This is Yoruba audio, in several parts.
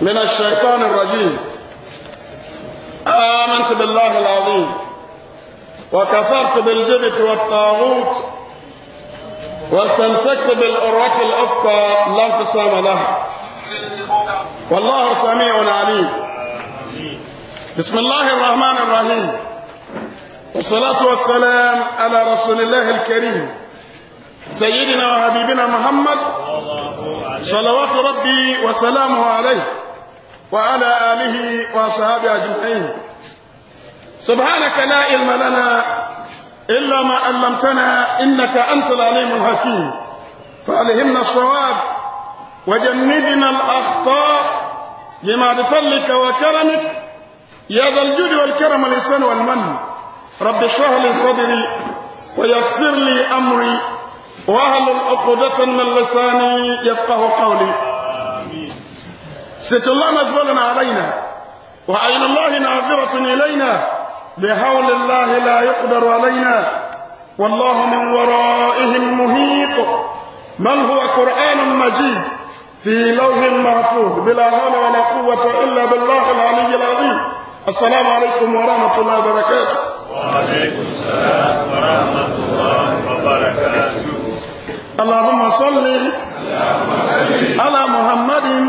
من الشيطان الرجيم آمنت بالله العظيم وكفرت بالجبت والطاغوت واستمسكت بالأروة الأفقى لا انفصام لها والله سميع عليم بسم الله الرحمن الرحيم والصلاة والسلام على رسول الله الكريم سيدنا وحبيبنا محمد صلوات ربي وسلامه عليه وعلى آله وأصحابه أجمعين سبحانك لا علم لنا إلا ما علمتنا إنك أنت العليم الحكيم فألهمنا الصواب وجنبنا الأخطاء بما بفضلك وكرمك يا ذا الجود والكرم والإحسان والمن رب اشرح لي صدري ويسر لي أمري واهل العقدة من لساني يفقه قولي الله جبلنا علينا وعين الله ناظرة إلينا بحول الله لا يقدر علينا والله من ورائهم مهيط من هو قرآن مجيد في لوح محفوظ بلا حول ولا قوة إلا بالله العلي العظيم السلام عليكم ورحمة الله وبركاته وعليكم السلام ورحمة الله وبركاته اللهم صل على محمد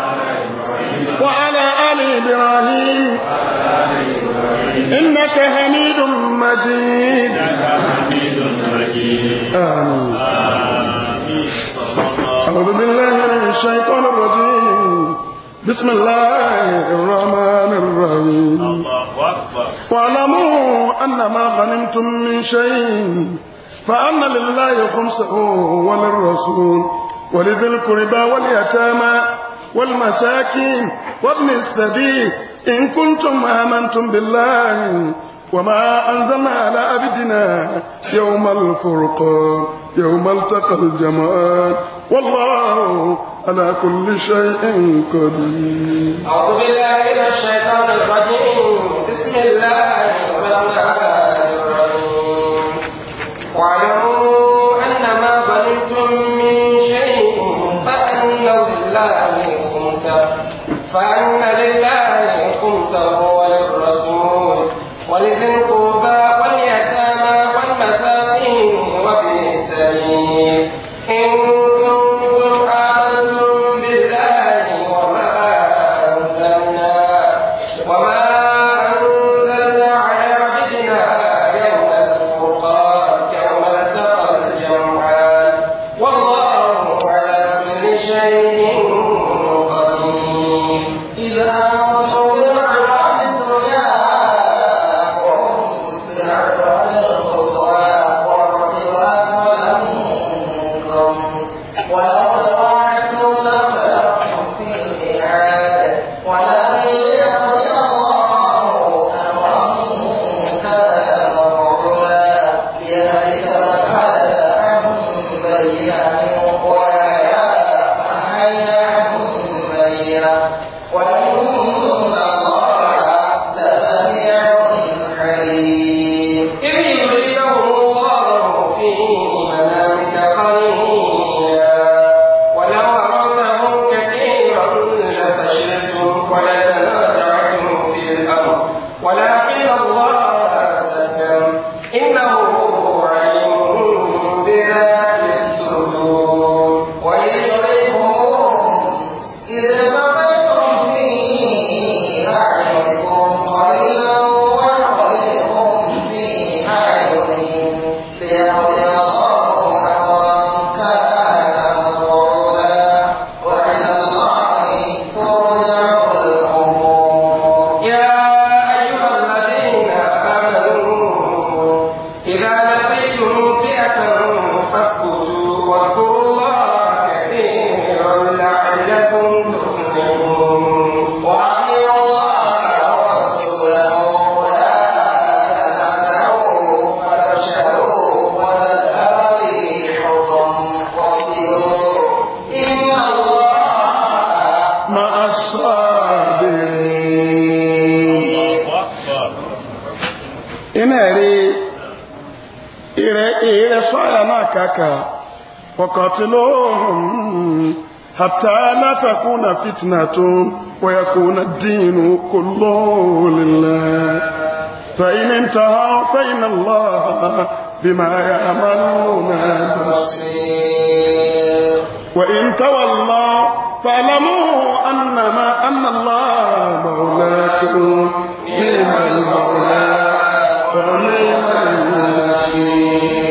وعلى آل إبراهيم إنك حميد مجيد آمين أعوذ بالله من الشيطان الرجيم بسم الله الرحمن الرحيم الله أكبر واعلموا أن ما غنمتم من شيء فأن لله خمسه وللرسول ولذي القربى واليتامى والمساكين وابن السبيل إن كنتم آمنتم بالله وما أنزلنا على أبدنا يوم الفرقان يوم التقى الجمال والله على كل شيء قدير أعوذ بالله من الشيطان الرجيم بسم الله الرحمن الرحيم وعلى خمسة فأن لله خمسة وللرسول ولذي القربى كاكا وقاتلوهم حتى لا تكون فتنة ويكون الدين كله لله فإن انتهوا فإن الله بما يعملون بصير وإن تولوا فاعلموا أنما أن الله مولاكم نعم المولى ونعم النصير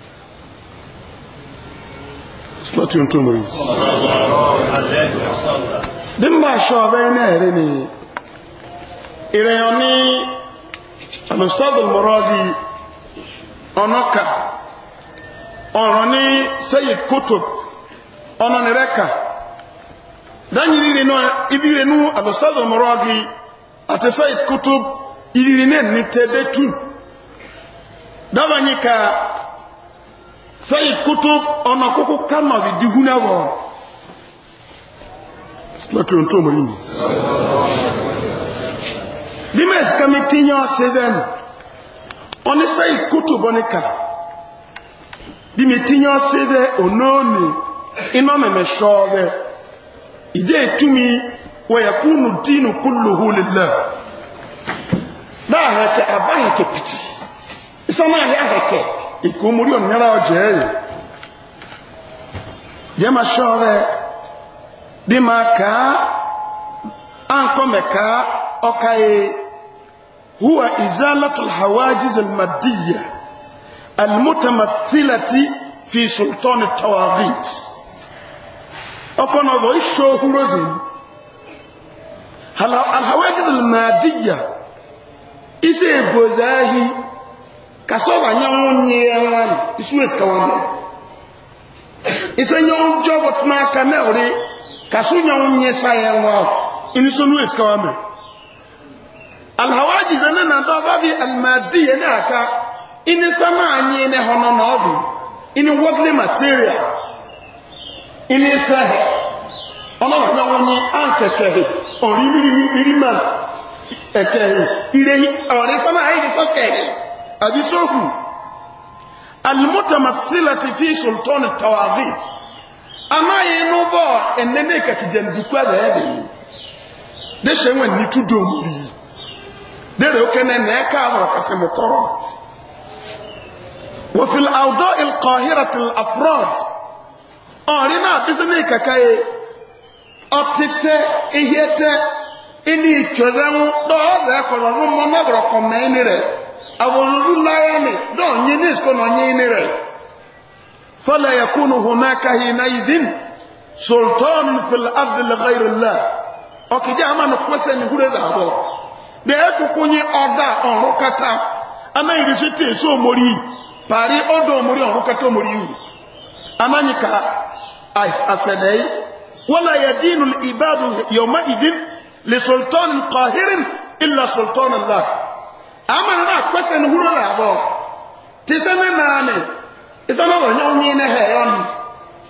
It's not Dimba two movies. Didn't I show Ireyoni Alustad muradi Onoka Oroni Sayyid Kutub Ononireka Dan yiriri no idire nu Alustad al-Muradi ati Sayyid Kutub idire ne ni tebetu Dabanyika sayid kutub ọ̀nà kókó kánà ìdí húnẹ́wọ̀ láti ohun tó mọ̀rí ni limes kami tiyan seven ọni sayid kutub ọnika dimi tiyan seven onóòmì iná mẹ̀mẹ̀ ṣọ́ọ̀rẹ́ ìdí ètúmi wẹ̀yẹ̀kúnnù dínú kúlùhù lílẹ̀ láàrẹ̀kẹ̀ àbáhẹ̀kẹ̀ pìtì ìsọ́nà àhẹ́kẹ̀ ìkúmúrí òmìnira ọjẹ́ ẹ̀ jẹ́ ma ṣọ́ rẹ̀ bí ma ká á ń kọ́ mẹ̀ká ọka ẹ̀ huwa izalatul hawajiz almadiyya almutamathilati fi sultan tawagit ọkọ̀ náà bọ̀ iṣọ́ húrọ́zìn alhawajiz almadiyya isi ègbò záhìí Kasọba kasɔba nyɔnu ya wani isu esika wani ife nyɔnu jɔ bɔtuma aka mɛ ori nye nyɔnu nyɛ sayɛ wa inisonu esika wani alhawaji zane na dɔ ba bi alimadi yɛ ne aka ini sama anyi ne hɔnɔ na ɔbi ini wɔtili material ini sɛhɛ ɔnɔ wa nyɔnu nyɛ ankɛkɛhɛ ɔri mirimiri ma ɛkɛhɛ ire ɔri sama ayi ni sɔkɛhɛ. àbí sóhù almutamassilati fi sultan tawafi anáyé inú bọ̀ ẹ̀nẹ́ ní kàkìjẹ̀ ndùkú ẹ̀rẹ́ ẹ̀rẹ́ yìí dé ṣe wọn ní túdò rí dèrè òkè náà nà ẹ̀ka àwọn ọ̀kasẹ̀ mọ̀ kọ́rọ̀ wọ́fi àwùdọ́ ilkọ̀hírati afrod ọ̀rin náà bísí ní kàkà yìí ọtítẹ́ ihiẹ́tẹ́ inú ìtòrẹ́wọ́n dọ́ọ̀rẹ́ kọ̀rọ̀ ọ̀rún mọ́ náà rọ̀kọ̀ aworuru layani dɔn nyini sikɔ na nyini rɛ fala yakunu hunaka hinaidin sultan fil abdi lagairillah ɔkijɛ ama no kpɛsɛ ni hure da bɔ de ekoko nye ɔda ɔnro kata ama yi resi te so mori pari ɔdɔ mori ɔnro kata mori wu ama nyi ka asɛnɛ yi wala yadinu ibadu yɔma idin li sultan qahirin illa sultan allah. amana na akwese ni wuro la abo ti se me na me isa na wonyo nyi na he yo ni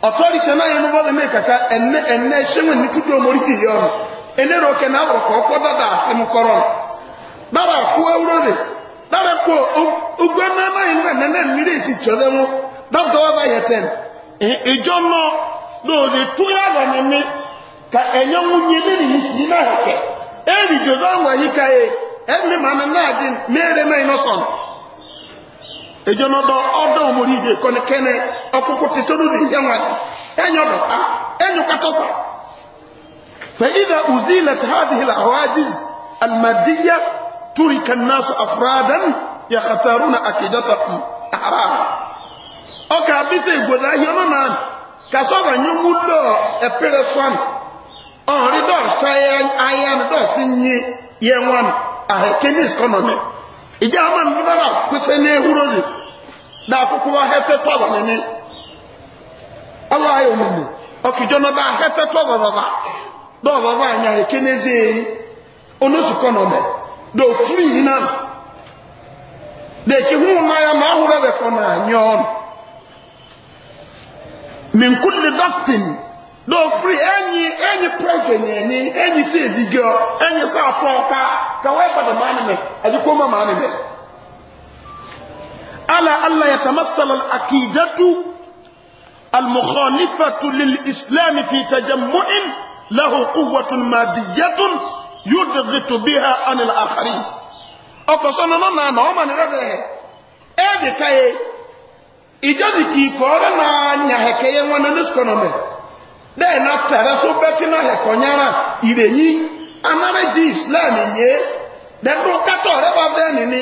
authority na yemu bo me kaka enne enne shewe ni tudo mori ti ene ro ke na wo ko ko dada ase mu koro ku ku na na na na ni si do de tu ya ni mi ka enyo nyi ni ni na ke eri yi ka e ẹ̀mí màmí náà di mẹ́rẹ̀ mẹ́rin náà sọ̀nù èjọ náà dọ̀ ọ̀dọ̀ òmòrí ìgbè kọ́ni kẹ́nẹ́ ọkùnkùn tètèrú ní ìyá wọn ẹ̀yọ dọ̀ sá ẹ̀yọ kàtọ́ sá. fẹ̀yìnà ùzí ilẹ̀tẹ̀ hàdìhìlà àwájìz àlùmàdíyà túrì kanáṣọ àfúrádán yàkàtàrú na àkèjọta àrà. ọkà àbísẹ̀ ìgbòdà ayọ́ náà kàṣọ́rọ̀ yín wúlò ẹ̀pẹ̀rẹ̀ sọ́nù ọ̀rí dọ̀ ṣáyẹ ayé dọ̀ sí yín yẹ wọn. ahekeni economy ìjẹ́ ama mẹ́fẹ́lá pèsè ní ehúrò na akwụkwọ àkókò ahẹ́tẹ́ tọ́lọ̀ nínú ọláyé òmùmù ọkìjọ́ náà na ahẹ́tẹ́ tọ́lọ̀ rọ̀bà dọ́ọ̀lọ́rọ̀ àyà ahekeni ezi eyi onóṣù na dò n'ofiri enyi enyi pɛrɛtɛ nyɛnyi enyi si ezigio enyi sa afɔpa ka wɔyɛ fata maa ni mɛ adigbo ma maa ni mɛ ala ala yɛ tama salal akidatu almukhanifatu lil islam fi tajammu'in lahu quwwatun madiyatun yudghitu biha anil akhari ɔkɔsɔ nɔnɔ naa na ɔma ne rɛbɛ ɛdi ka ye ìjọ́ di kìí kọ́ ọ́ náà nyà hẹ̀kẹ́ yẹn wọn ní sukọ̀ nọ mẹ́. bẹ́ẹ̀ na pẹ̀rẹ́ só bẹ́tí náà ẹ̀kọ́ nyára ìrèyìn islam yé dẹ́gbọ́n kátó rẹ bá bẹ́ẹ̀ nìní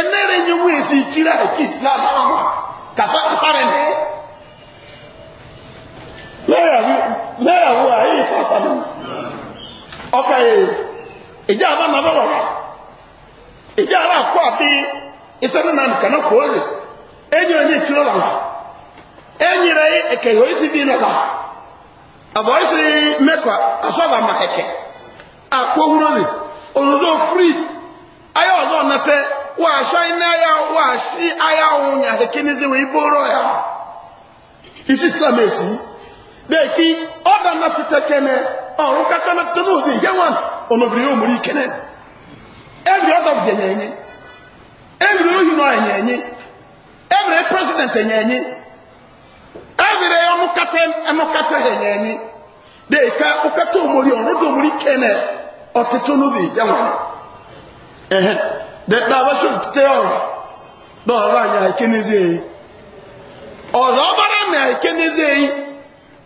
enére yín sí ìkírà ẹ̀kí islam àwọn kàfá sáré ní. lẹ́yà wo àyè sàṣàmù ọkà ìjà àbá nàbẹ lọ́rọ̀ ìjà àbá kọ́ àbí náà nìkan náà kọ́ ẹ̀yìn ìtura ẹ̀yìn rẹ̀ ẹ̀kẹ́ yóò sì bí àbọ̀yìsì mẹ́kọ̀ asọ́gbà màkẹ́kẹ́ àkóhúrọ́lì òdòdó firi ayé ọ̀dọ́ ọ̀nàtẹ́ wà aṣọ iná ayá wà aṣí ayá òun ya isi sàmẹ́sì bẹ́ẹ̀ kí ọ̀dà náà ti tẹ́kẹ́ ní ọ̀rún kátà náà tó náà bí yẹ́wọ̀n abere ɔmo kata ɛmo enye hɛnyɛnyi de ka ɔkata omori ɔno do omori kene ɔtete no bi gya wɔn ɛhɛn de na abɛso tete ɔra na ɔra anya eke ne zie yi ɔra na eke ne zie yi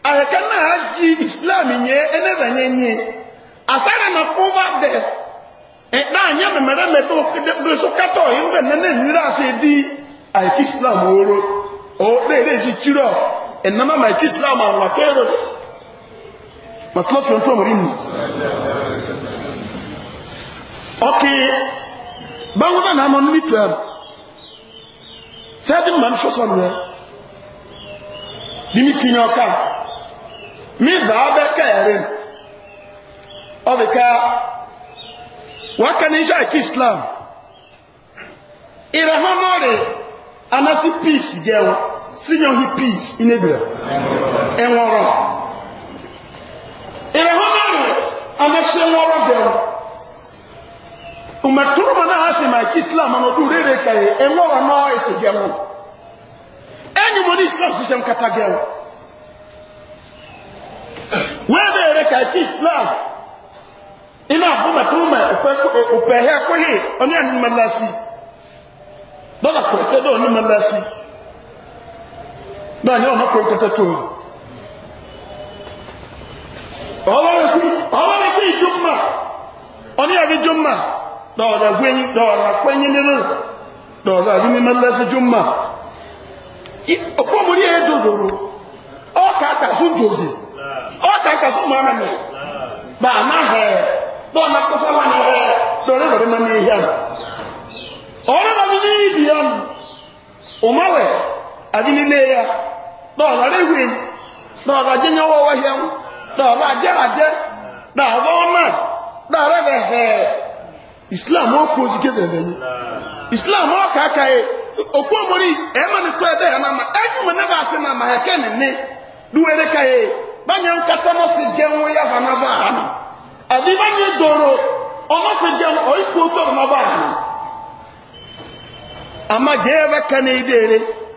aheka na ji islam nye enezanye nye asara na kova de ɛ na anya mɛmɛrɛmɛ do do so kata ɔyɛ wɛ nene nwura ase di aheka islam woro ɔ de de si إنما ما يتيش لا ما هو خير ما سلطش أنتو مريم أوكي بقول أنا من ميتوام سيدنا من شو صنع لميتين أوكا ميزا هذا كيرين أوكا وكان إنشاء كإسلام إرهام أنا سي بيس جاوه sinyahu peace inebira ɛnwɔrɔ ìrẹ̀họ́ mẹ́rin amẹ́ṣẹ́ ńwọ́rọ̀ bẹ̀rù umeturuma náà ha sì máa kí islam ọmọ ọdún rere kẹyẹ ẹnwọ́rọ̀ náà èsì gẹ̀rù ẹni mo ní islam ṣiṣẹ́ nkata gẹ̀rù wọ́n bẹ̀rẹ̀ kẹyẹ kí islam iná àbúmọ̀túnmọ̀ òpẹ̀hẹ́ kóhè ọ̀nà ẹni mọ́lá sí lọ́dà kọ̀ọ̀tẹ́dọ̀ ọ̀nà mọ́lá dáyé ọ̀nà kò kẹta tó ọlọ́rẹ̀ kú ìjọmà ọní àrí jọmà dọ̀ọ̀dà gbẹ̀yìn dọ̀ọ̀dà pẹ̀yìn nínú dọ̀ọ̀dà ya mímọ́ lẹ́fí jọmà ọkọ̀mọ̀rí ẹ̀ dòdòrò ọkàkà fún jòzì ọkàkà fún mọ́rànmẹ̀ bà náà hẹ̀ dọ̀ọ̀nà kọfà wà ní ẹ̀ na ndị mọ́ ní ìhẹ́ ọ̀rẹ́ nile ya lọ́ọ̀rọ̀ léwe lọ́ọ̀rọ̀ ajẹ́yẹwọ́ wọ́hẹ́m lọ́ọ̀rọ̀ ajẹ́rajẹ́ lọ́ọ̀rọ̀ islam ó kú islam ó kàákà yìí òkú omori ẹ̀ẹ́mọ̀ ní tọ́ ẹ̀dẹ́ ẹ̀nàmà ẹ̀kú mi nígbà sí nàmà ẹ̀kẹ́ nìní lúwẹ̀rẹ́ ká yìí báyẹ̀ ń kata mọ́ sí jẹun yá fanaba àná àbí báyẹ̀ dòrò ọmọ sí jẹun ọ̀ ikú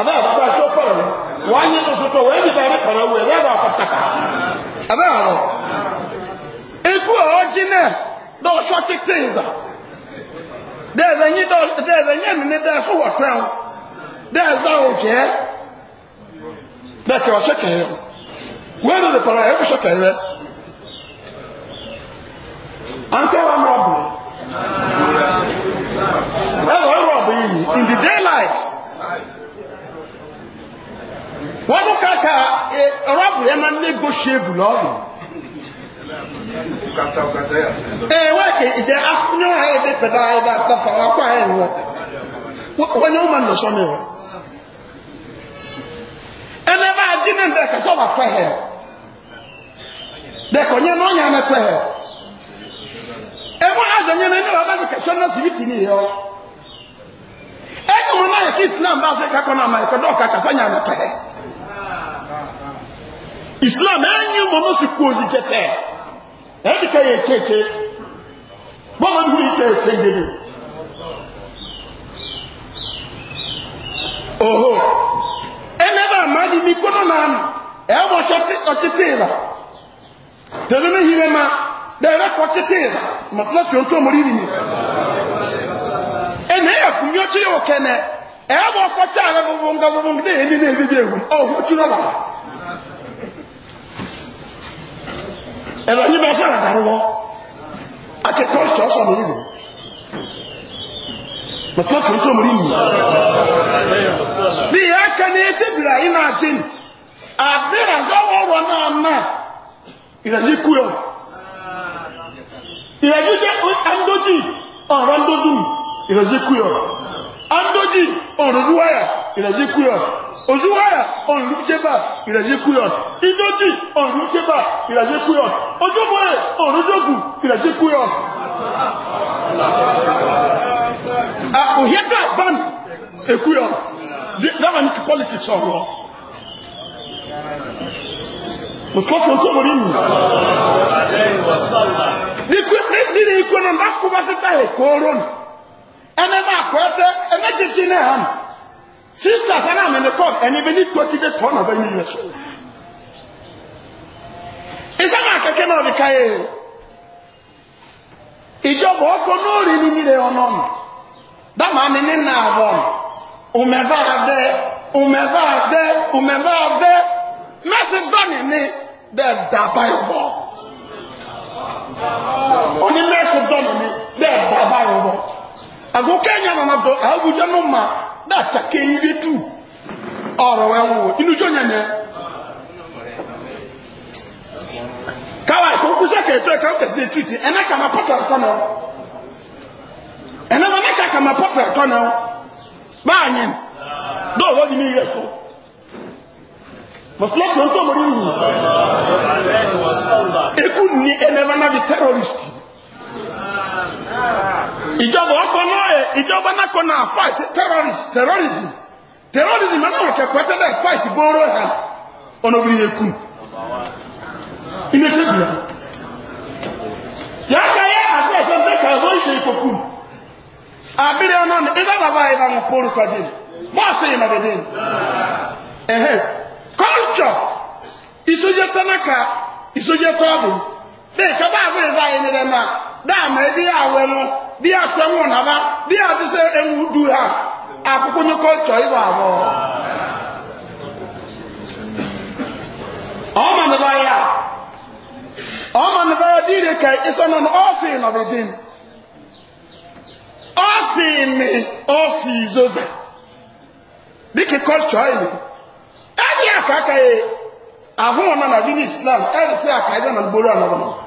abe abata asi ɔkpɔrɔ no wanyɛ no sotɔ wɔyɛ nipa yɛ kpɔrɔ wɛ wɔyɛ bɛ akɔtaka abe arɔ eku a ɔgye nɛ dɛ ɔsɔ tete nza dɛ ɛzɛ nyi dɛ dɛ ɛzɛ nyɛ nene dɛ ɛfo wɔtɔn dɛ ɛza ɔgyɛ dɛ kɛ ɔhyɛ kɛyɛ wɔyɛ no de pɔrɔ yɛ ɔhyɛ kɛyɛ anka wa mɔ ɔbɔ ɛwɔ ɛwɔ ɔbɔ yi in the daylight. wọ́n tún ká ká rọ́ọ̀bù yẹn máa ń négóṣíébù lọ́ọ̀rù. ee wọ́n kì í jẹ́ afúnyọ́ ayé ní pẹ̀lú ayé bá bá fà wọ́n kọ́ ayé wọ́n wọ́n yẹn wọ́n máa ń lọ sọ́mi bá dín ní kẹsàn wà nyẹ ẹ àjọ nyẹ kẹsàn ọ ẹ náà yẹ kí islam bá náà máa islam ẹ̀yìn mọ̀ ló sì kú òjì jẹtẹ ẹ̀ẹ́dì kẹyẹ kéèké bọ́ọ̀lù ní ìjẹ oho ẹnẹ bá dị ní na gbọ́dọ̀ náà nù ẹ̀ wọ na ma bẹ́ẹ̀rẹ́ kọ ọtí tèèrà màsílẹ̀ tí ó ń tó mọ̀ rírì ni ẹ̀rọ yìí bá sára dàrúwọ́ akẹ́kọ̀ọ́tọ̀ ọ̀sọ̀ lórí rẹ̀ mọ̀sán tó ń tó mọ̀rí yìí bí i aka ní etí bìrà yìí náà jẹ́ ní àbíra sọ́wọ́rọ̀ náà náà ìrẹ̀lẹ̀ kú yọ ìrẹ̀lẹ̀ jẹ́ andójì ọ̀rọ̀ andójì ìrẹ̀lẹ̀ kú yọ andójì ọ̀rọ̀ ìrẹ̀lẹ̀ kú yọ ozuwaya ọ̀nrúnjẹ́bà ìrẹ̀jẹ́kúyọ̀n idójì ọ̀nrúnjẹ́bà ìrẹ̀jẹ́kúyọ̀n ojúmọ́ye ọ̀nrúnjẹ́gùn ìrẹ̀jẹ́kúyọ̀n. àhùhẹ́tà ban èkúyọ̀n oh, dábàá ní politics ọ̀rọ̀ mùsùlùmí tó mọ̀ nínú. nínú ikú náà nàkúbà sí táyà kóró ẹnẹ́ náà kọ́ ẹ sisters ana amene kɔ ɛne bɛ ni tɔki bɛ tɔ na bɛ yi yɛ so isan na kɛkɛ na ɔde ka ye ìjọba ọkọ n'ori nínú rẹ ọ̀nà ọ̀nà dama ni ne na abọ ọmọba abẹ ọmọba abẹ ọmọba abẹ mẹsì bani ni bẹẹ daba yọ bọ ọni mẹsì bani ni bẹẹ daba yọ bọ àgùkẹ́ nyà nana do àgùjẹ́ nù ma dáàtà kéyí bí tù ọ̀rọ̀ ẹ̀wọ̀n inú jọ yẹn yẹn káwa ìkókú sẹ́kẹ̀ ètò ẹ̀ka ọ̀kẹ́sì ní tù tì ẹ̀nà kà máa pọ̀tà ẹ̀tọ́ náà ẹ̀nà máa kà kà máa pọ̀tà ẹ̀tọ́ náà báà yẹn dọ́ọ̀wọ́ yìí ní ilẹ̀ fún mọ̀sílọ́tì ọ̀ntọ́ mọ̀ ní ìlú ẹ̀kú ni ẹ̀nà ẹ̀nà di tẹ́rọ̀rìstì ìjọba ọkọ náà ẹ ìjọba náà kọ náà fight terrorism terrorism ẹ náà wọ tẹ dẹ fight gbóró ẹ ọ̀nà obìnrin yẹn kú ilé ya yà á yẹ àti ẹ̀sẹ̀ ń bẹ́ẹ̀ kàwé ṣe ìkó kú àbílẹ̀ ọ̀nà ni bàbá yìí yìí culture ìsọjẹ́ tánàkà ìsọjẹ́ dáàmà ẹbí àwẹ̀ mu bí àtọ́mù nàbá bí àdúsẹ́ ẹnu dù ha àkókò ní kọ́ọ̀tọ̀ ìwà àbọ̀. ọmọ mi yà ọmọ mi yà díire ka ìsọ̀nà ní ọ́ọ̀fì nàbẹ̀dín mi ọ́ọ̀fì zozà bí kì ìlú àkàkà yẹ ọ̀nà islam sẹ́ àkàkà yẹ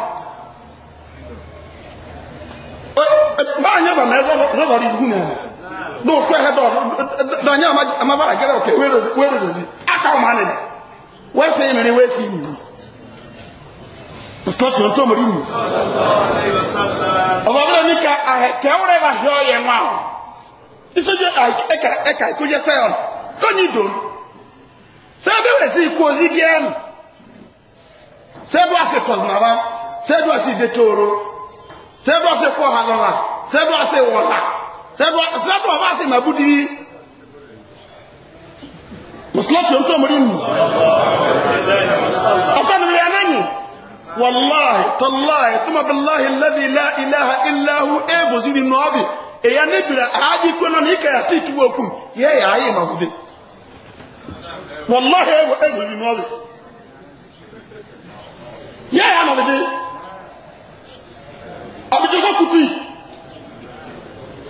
báyìí yẹn bàmẹ́ lọ́dọ̀ọ́dì ìlú nìyẹn lóòótọ́ ẹ̀ dọ̀ dọ̀nyẹ́ àmàbàrà gẹ́rẹ́ òkè wéré lòdì aka ọmọ àná ni wẹ́sẹ̀ yìí mẹ́rin wẹ́sẹ̀ yìí mi mùsùlùmí tó mọ̀rí mi. ọ̀bọ̀ bí lóní ka kẹ́wúrẹ́ bá fi ọ̀yẹ̀ wọn àwọn ìṣojú ẹ̀ka ìkójẹ sẹ́yọ̀n tó ní ìdò sẹ́ẹ̀bí wẹ̀ sí ikú òsì gíẹ́nù sẹ́ẹ̀bí wà sí tọ̀sùn àbá sẹ́ẹ̀bí wà sí ìdẹ́tòrò sẹ́ẹ̀bí wà sí pọ̀ hàn lọ́wọ́ sẹ́dọ̀ àṣẹ wọ̀lá sẹ́dọ̀ ọba àṣẹ màbúdí mùsùlùmí tó mọ̀rí mù ọ̀sánìrí anáyì wàláhì tàláhì túnmọ̀bíláhì lẹ́bí iláha iláhu ẹ̀bù sí nínú ọ̀bì èyà níbìrẹ̀ ààbí kó náà ní ìkẹyà tí ìtúwò kù yẹ́ ẹ̀yà ayé màbúdí wàláhì ẹ̀bù nínú ọ̀bì yẹ́ ẹ̀yà màbúdí ọ̀bìdí sọ́kùtì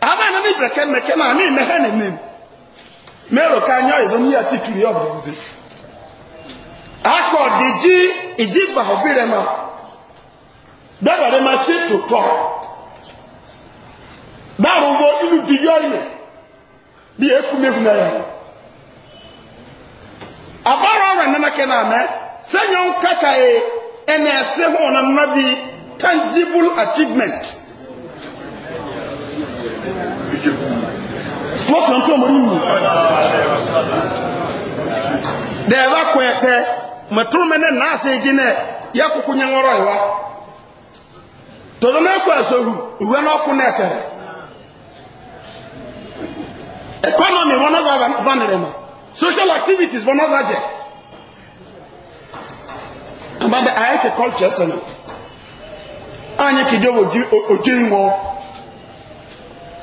abaana ne brɛkɛ mɛkɛ na ame mɛhɛ ne nem mɛro ka nyɛ e, ɛzɔ e ne yɛ ti turi ɔbɛbɛ akɔ di gyi egyi ba obi rɛ ma dɔba de ma se totɔ báwo wo inú di yɔyɛ bi ekum ehu na yɛ abɔrɔ ɔrɛ nana kɛ na mɛ sɛnyɔn na mma bi tangible achievement. wọ́pọ̀ tó mọ̀ nínú dẹ̀ẹ̀bá kọ ẹ̀tẹ́ mẹ̀túrùmẹ́nẹ̀ náà sí igi náà yẹ kúkú nyẹ ńwọ́rọ̀ ìwá tòdó náà kọ ẹ̀sọ́ hù ìwé náà kú náà tẹ̀rẹ̀ economy wọn náà bá nílẹ̀ mọ̀ social activities wọn náà bá jẹ́ àbádẹ́ àyẹ̀kẹ́ culture sẹ́nu àyẹ̀kẹ́ jẹ́ òjì wọn.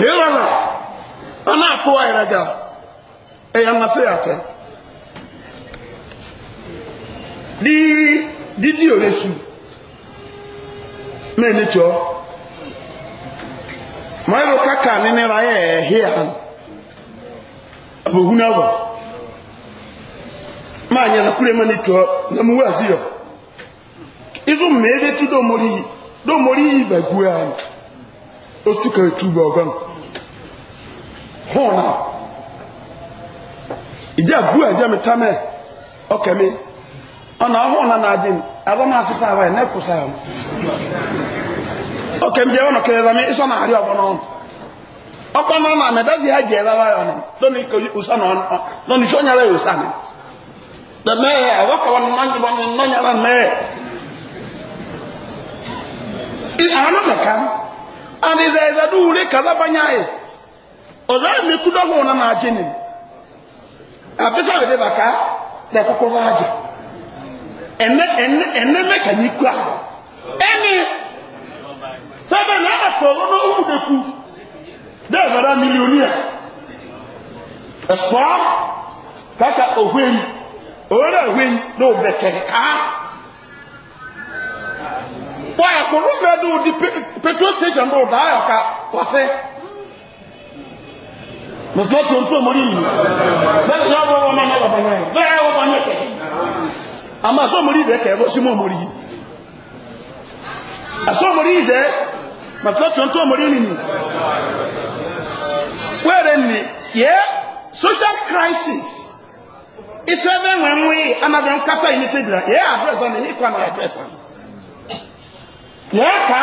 hirana ana atuwa iraga eya nasiyate di didi oresu mene cho mayo kaka nene raye hia abohuna wo manya na kure mani cho na muwazi yo izo mebe tudo mori do mori bagua ostuka tuba ogan hɔɔla ìdí àbú ẹ̀jẹ̀ mi tá mẹ́ ọkẹ́ mi ọ̀nà ọ̀hún náà nàájín àbọ̀mọ́ àṣìṣe àwọn ẹ̀ nẹ́ẹ̀kú sáyà mu ọkẹ́ mi jẹ́ ọ̀nà kẹrẹ ẹ̀dá mi ìṣọ́ náà àrí ọ̀bọ̀n náà ọkọ̀ náà nà mẹ́ dáṣì ẹ̀jẹ̀ ẹ̀dá wáyà ọ̀nà lónìí kò yí ọ̀sán náà lónìí ṣọ́ nyàrá yóò sá mi mẹ́ẹ̀ àwọ̀kọ̀ wọn náà nyàrá mẹ́ẹ̀ àwọn mẹ́ka àdìsẹ̀ ẹ̀dá dúró kàdá bá nyà yìí. ọ̀rọ̀ ẹ̀mí kú lọ́wọ́ ọ̀nà máa jẹ́ nìyí àbísàwédé bàká lẹ́kọ́kọ́ na jẹ ẹ̀nẹ́ ẹ̀nẹ́ ẹ̀nẹ́ mẹ́kà ní kú àgbà ẹni sẹ́bẹ̀ náà ẹ̀kọ́ ọ̀nà òun dẹ̀kú dẹ́ẹ̀bẹ̀rẹ̀ mílíọ̀nù ẹ̀fọ́ kàkà òhwẹ́m òwúrọ̀ òhwẹ́m náà bẹ̀ di petrol station bụ dáyọ̀ ká wọ́sẹ́. mùsùlùmí tó ń tó mọ́rí yìí bẹ́ẹ̀ yọ wọ́n wọn náà bàbá náà bẹ́ẹ̀ wọ́n wọn náà kẹ̀kẹ́ àmọ́ àsọ́mọ́rí ìzẹ́ kẹ̀ẹ́ bó sí mọ́ mọ́rí yìí àsọ́mọ́rí ìzẹ́ mùsùlùmí tó ń tó mọ́rí yìí wẹ́rẹ̀ social crisis ife bẹ́ẹ̀ wẹ̀ ń wí anabẹ́ ń kátà yìí ní tẹ́bìrà yẹ àdírẹ́sà ni yìí kọ́ àná àdírẹ́sà yẹ ká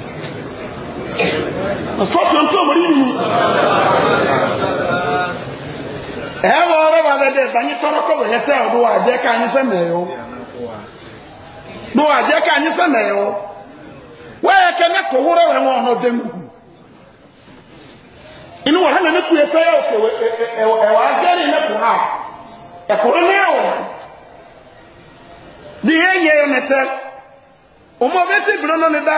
instruction tó mọ̀ nínú ẹ̀wọ̀ ọ̀rẹ́ wà lẹ́dẹ̀ ìbáyé tọ́rọkọ̀ wẹ̀ yẹtẹ́ ọ̀dọ́ wà jẹ́ ká yín sẹ́mẹ̀ yọ wà jẹ́ ká yín sẹ́mẹ̀ yọ wẹ́yẹ kẹ́ ní kòwúrọ̀ rẹ̀ wọn ọ̀nà dẹ́mu inú wà hánà ní kúyẹ fẹ́ òkè ẹ̀wà jẹ́ ní ẹ̀kọ́ ha ẹ̀kọ́ ní ẹ̀wọ̀ ní ẹ̀yẹ yọ nẹ̀tẹ́ ọmọ bẹ́ẹ̀ sì bìrọ̀ náà ní dá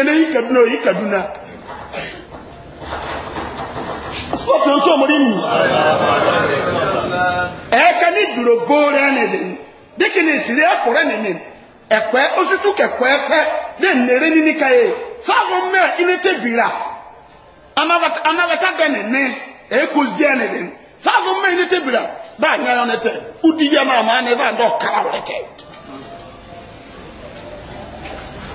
eléyìí kaduna oyi kaduna spọ́tù ń tó mọ́rí nì ní ìdúró bóore ẹni díkì ní ìsìrí ẹ̀kọ́rẹ́ ní ní ẹ̀kọ́ osítú kẹ̀kọ́ ní ìnèrè ní níkàyè sáwọn mẹ́rẹ̀ ilé sáwọn báyìí ní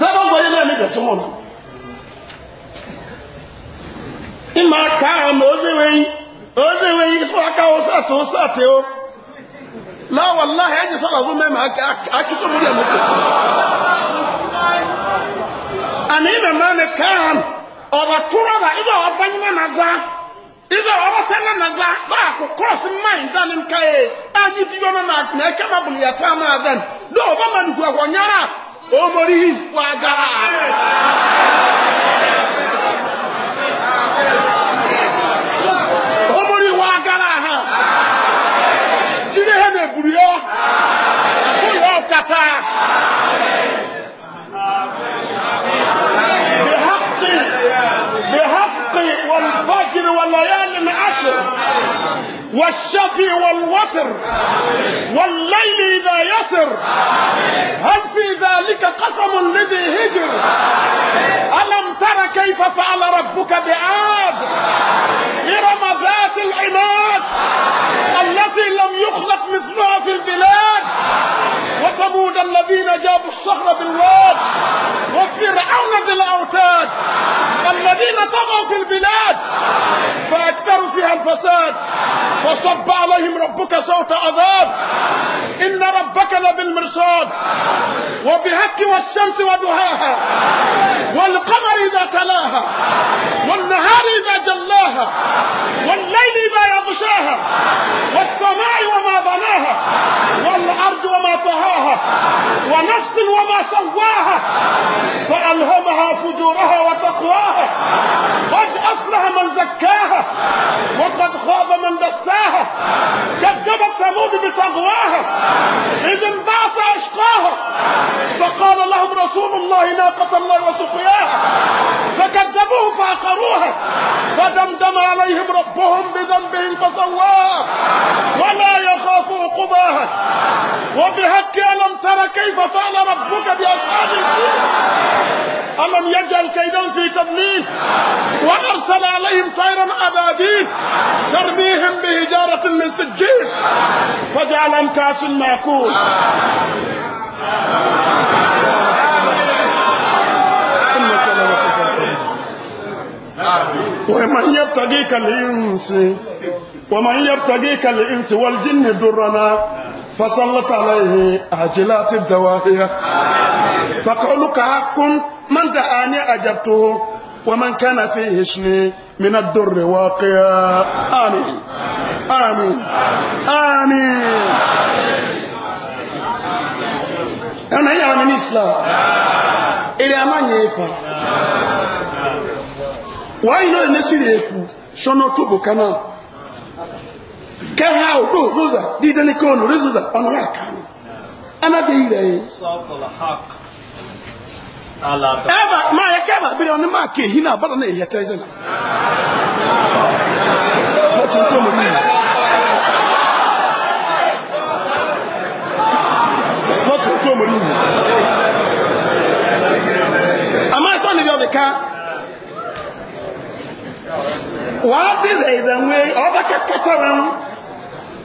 sẹ́dọ̀ gbọ́yé náà ní aka ahụ ìmọ̀ ozi àmì ozi ojúwèyí sọ aka o sàtó sàté o láwọn aláhà ẹ̀yìn sọ̀rọ̀ fún mẹ́mà akísọ̀mù yẹn mú kòkó. àní ìmọ̀ náà ní kàn ọ̀rọ̀ túrọ̀ rà ìdọ̀ ọ̀bá na náà nàza ìdọ̀ ọ̀rọ̀ na nàza báà kò kúrọ̀sì máyì dání káyé ẹ̀yìn dídí ọmọ na ẹ̀kẹ́ bá bùnìyà tá a máa omori wagara. والشفي والوتر والليل إذا يسر هل في ذلك قسم لذي هجر ألم تر كيف فعل ربك بعاد إرم ذات العناد التي لم يخلق مثلها في البلاد وثمود الذين جابوا الصخر بالواد وفرعون ذي الأوتاد الذين طغوا في البلاد فأكثروا فيها الفساد وصب عليهم ربك صوت عذاب إن ربك لبالمرصاد وبهك والشمس وضحاها والقمر إذا تلاها والنهار إذا جلاها والليل إذا يغشاها والسماء وما بناها وما طهاها ونفس وما سواها فألهمها فجورها وتقواها قد أصلح من زكاها وقد خاب من دساها كذبت ثمود بتقواها إذ انبعث أشقاها فقال لهم رسول الله ناقة الله وسقياها فكذبوه فعقروها فدمدم عليهم ربهم بذنبهم فسواها ولا يخاف عقباها بحق ألم ترى كيف فعل ربك بأصحاب الفيل ألم يجعل كيدهم في تضليل وأرسل عليهم طيرا أبابيل ترميهم بهجارة من سجين فجعل أنكاس المعقول ومن يبتغيك الإنس ومن يبتغيك الإنس والجن درنا فسلط عليه عاجلات الدواهية فقولك حق من دعاني أجبته ومن كان فيه اسمي من الدر واقيا آمين آمين آمين أنا يا من إسلام إلي أمان يفا وإنه نسير يكو شنو تبو كمان kẹhà òdó òzòzà dídé ní kóònù rízòzà ọ̀nà yà kánú ẹnàdé ilẹ̀ yìí. ẹ̀bà máa yẹ kẹ́bà bẹ̀rẹ̀ ọ̀nà máa kè yìí náà bọ́dọ̀ náà èyẹ tẹ́sí nà. ọ̀tún tó mú mi. ọ̀tún tó mú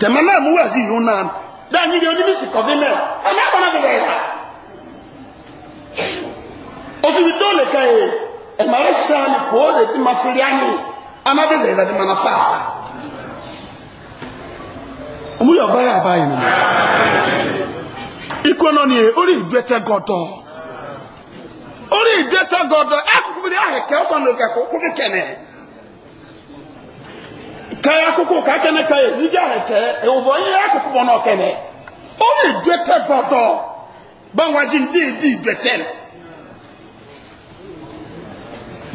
tẹ̀mẹ́ náà mú wẹ̀sí ìlú náà bẹ́ẹ̀ ni yóò ní bí ẹ̀mẹ́ kọ́nà ti bẹ̀rẹ̀ rà tó lè ka yìí ẹ̀mẹ́ rẹ̀ lè fi máa ayé mana sáàsà ọmú yọ báyà báyìí nínú ikú ọ̀nà ni orí ìdúẹ́tẹ́ gọ́dọ̀ orí ìdúẹ́tẹ́ gọ́dọ̀ ẹ̀kùnkùn bí ọ̀sán kaya akụkụ e ka akene ka erije ahụ kee ewubo ihe akụkụ bụ n'ọkene ọ na-edwete dọdọ ji ndị dị ibete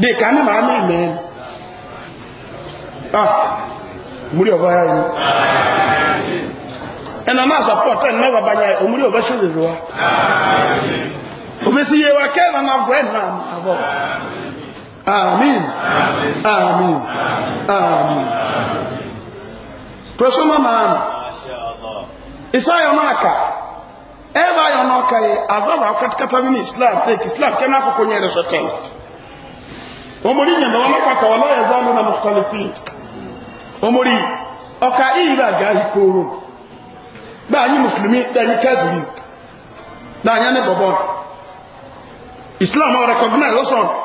dị ka ana m ime eme muri ọba ya yi ẹna e máa sọpọtọ ẹni e mẹwàá banya yẹ ọba ṣe lè rọ wa òfin si yẹ wa kẹ́ ẹ̀ nana bọ̀ ẹ̀ nà àmà Amen. Amen. Amen. Amen. Praise my man. Isaiah Maka. Eva ya noka ye azaba katikata mini Islam take Islam tena hapo kwenye ile shotani. Omuri nyamba wanaka kwa wala yazamu na mukhtalifin. Omuri oka iba gahi koro. Ba ni muslimi da ni kafiri. Da nyane bobon. Islam o recognize also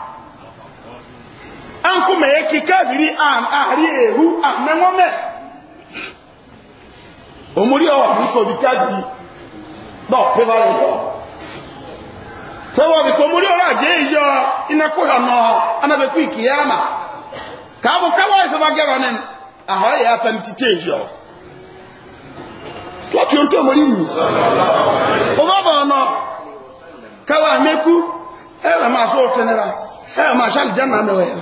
ankuma yɛ kikabiri ahari ehu amɛnwɔmɛ omori ɔwɔ kristo bi kabiri na ɔpeba yi hɔ sɛwɔ bi ko omori ɔwɔ agye yi yɔ inako yɔ nɔ anabeku ikiyama kaabo kawo ɛsɛba gɛrɛ ne ahɔ yɛ ata ne titi yi yɔ slati o n tɛ omori mu o ba bɔ ɔnɔ kawo ameku ɛrɛ ma so tɛnɛra ɛrɛ ma sali jana mɛ wɛrɛ.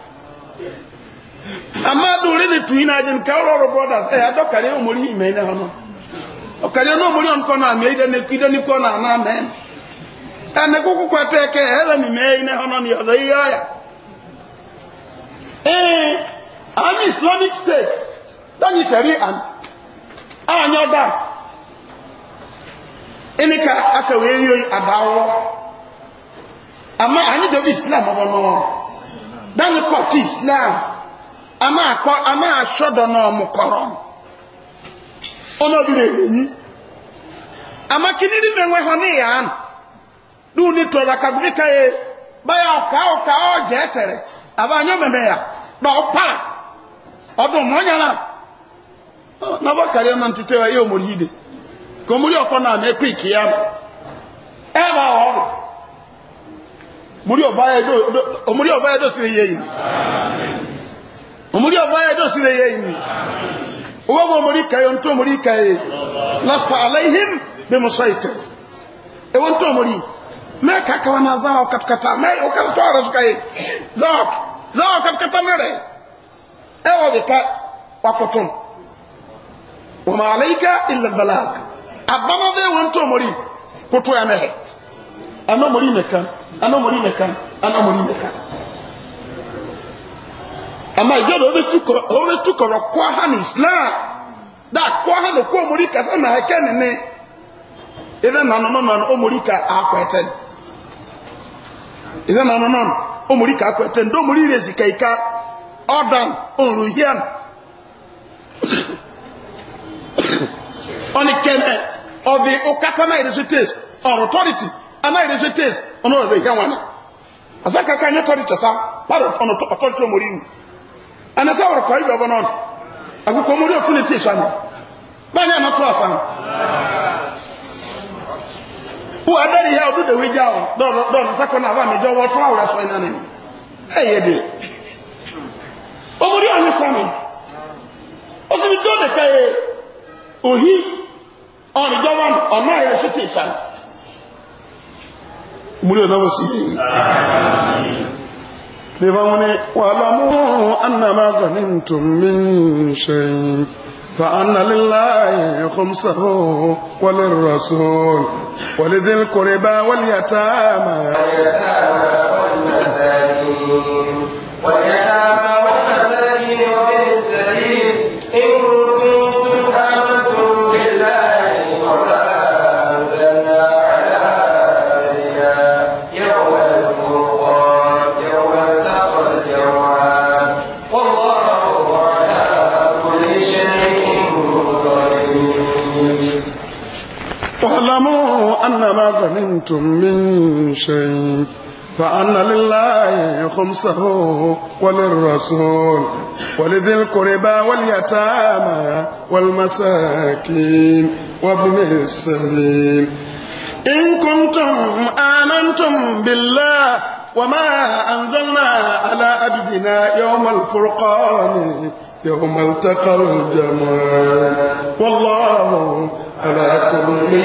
amadu rene tuina jen kawro brothers eh adokare omori ime ne hono okare no omori onko na me ide ne kide ni ko na na eh, me ane kuku kwete ke hele eh, ni me ne hono ni odo iya eh an islamic state dan ni shari an anya da ka aka we yoy adawo ama anyi do islam obo no dani kɔtu islam ama a ama asɔdɔ n'ɔmu kɔrɔ ɔnɔbi n'enyi ama kiniri mɛnwɛ hɔ ne yan duu ni tɔra ka ye baya ɔka ɔka ɔjɛ aba anyɔ mɛmɛ ya na ɔpa ɔdun na n'abɔ kari ɔnan tete na mɛ ya. ìkìyà omuri ọba ẹdọ sire yẹ yìí omuri ọba ẹdọ sire yẹ yìí owó wọn omuri kẹyọ ntọ omuri kẹyẹ lọsọ aláìhìm bí mo sọ ìtẹ ewu ntọ omuri mẹ kakawa na zawa katakata mẹ ọkatọ ọrọ sọ kẹyẹ zawa zawa katakata mẹrẹ ẹ wọ bìka wakọtun wọn ma aláìka ilẹ balak abamọdé ewu ntọ omuri kutu ya mẹhẹ ẹnọ omuri mẹkan. anamori meka anamori meka ama ijo do be suko o le tuko ro kwa han islam da kwa han ko omori ka sa na eke ni ni ife na no no no omori ka akwete ife na no no omori ka akwete ndo omori re zika ika odan onru hian oni kene of the okatana resistance or authority ana ire se taste ono re hia wana asa kaka nya tori tsa paro ono to to to mori ana sa wor ko ibe bono aku ko mori otune taste ani ba nya na to asa u adari ya odu de we jawo do do na sa ko na ba mi jo wo to awra so ina ni eye de o mori ani sa mi o si mi do de kai ohi on jọ wọn ọ̀nà ẹ̀yẹ ṣe tèṣà múlò náà sí lèbá wọn ni wà lámúrún annama ghanimtum min shayin فأن لله خمسه وللرسول ولذي القربى واليتامى واليتامى والمساكين واليتامى غنمتم من شيء فأن لله خمسه وللرسول ولذي القربى واليتامى والمساكين وابن السبيل إن كنتم آمنتم بالله وما أنزلنا على أبدنا يوم الفرقان يوم التقى الجمال والله omori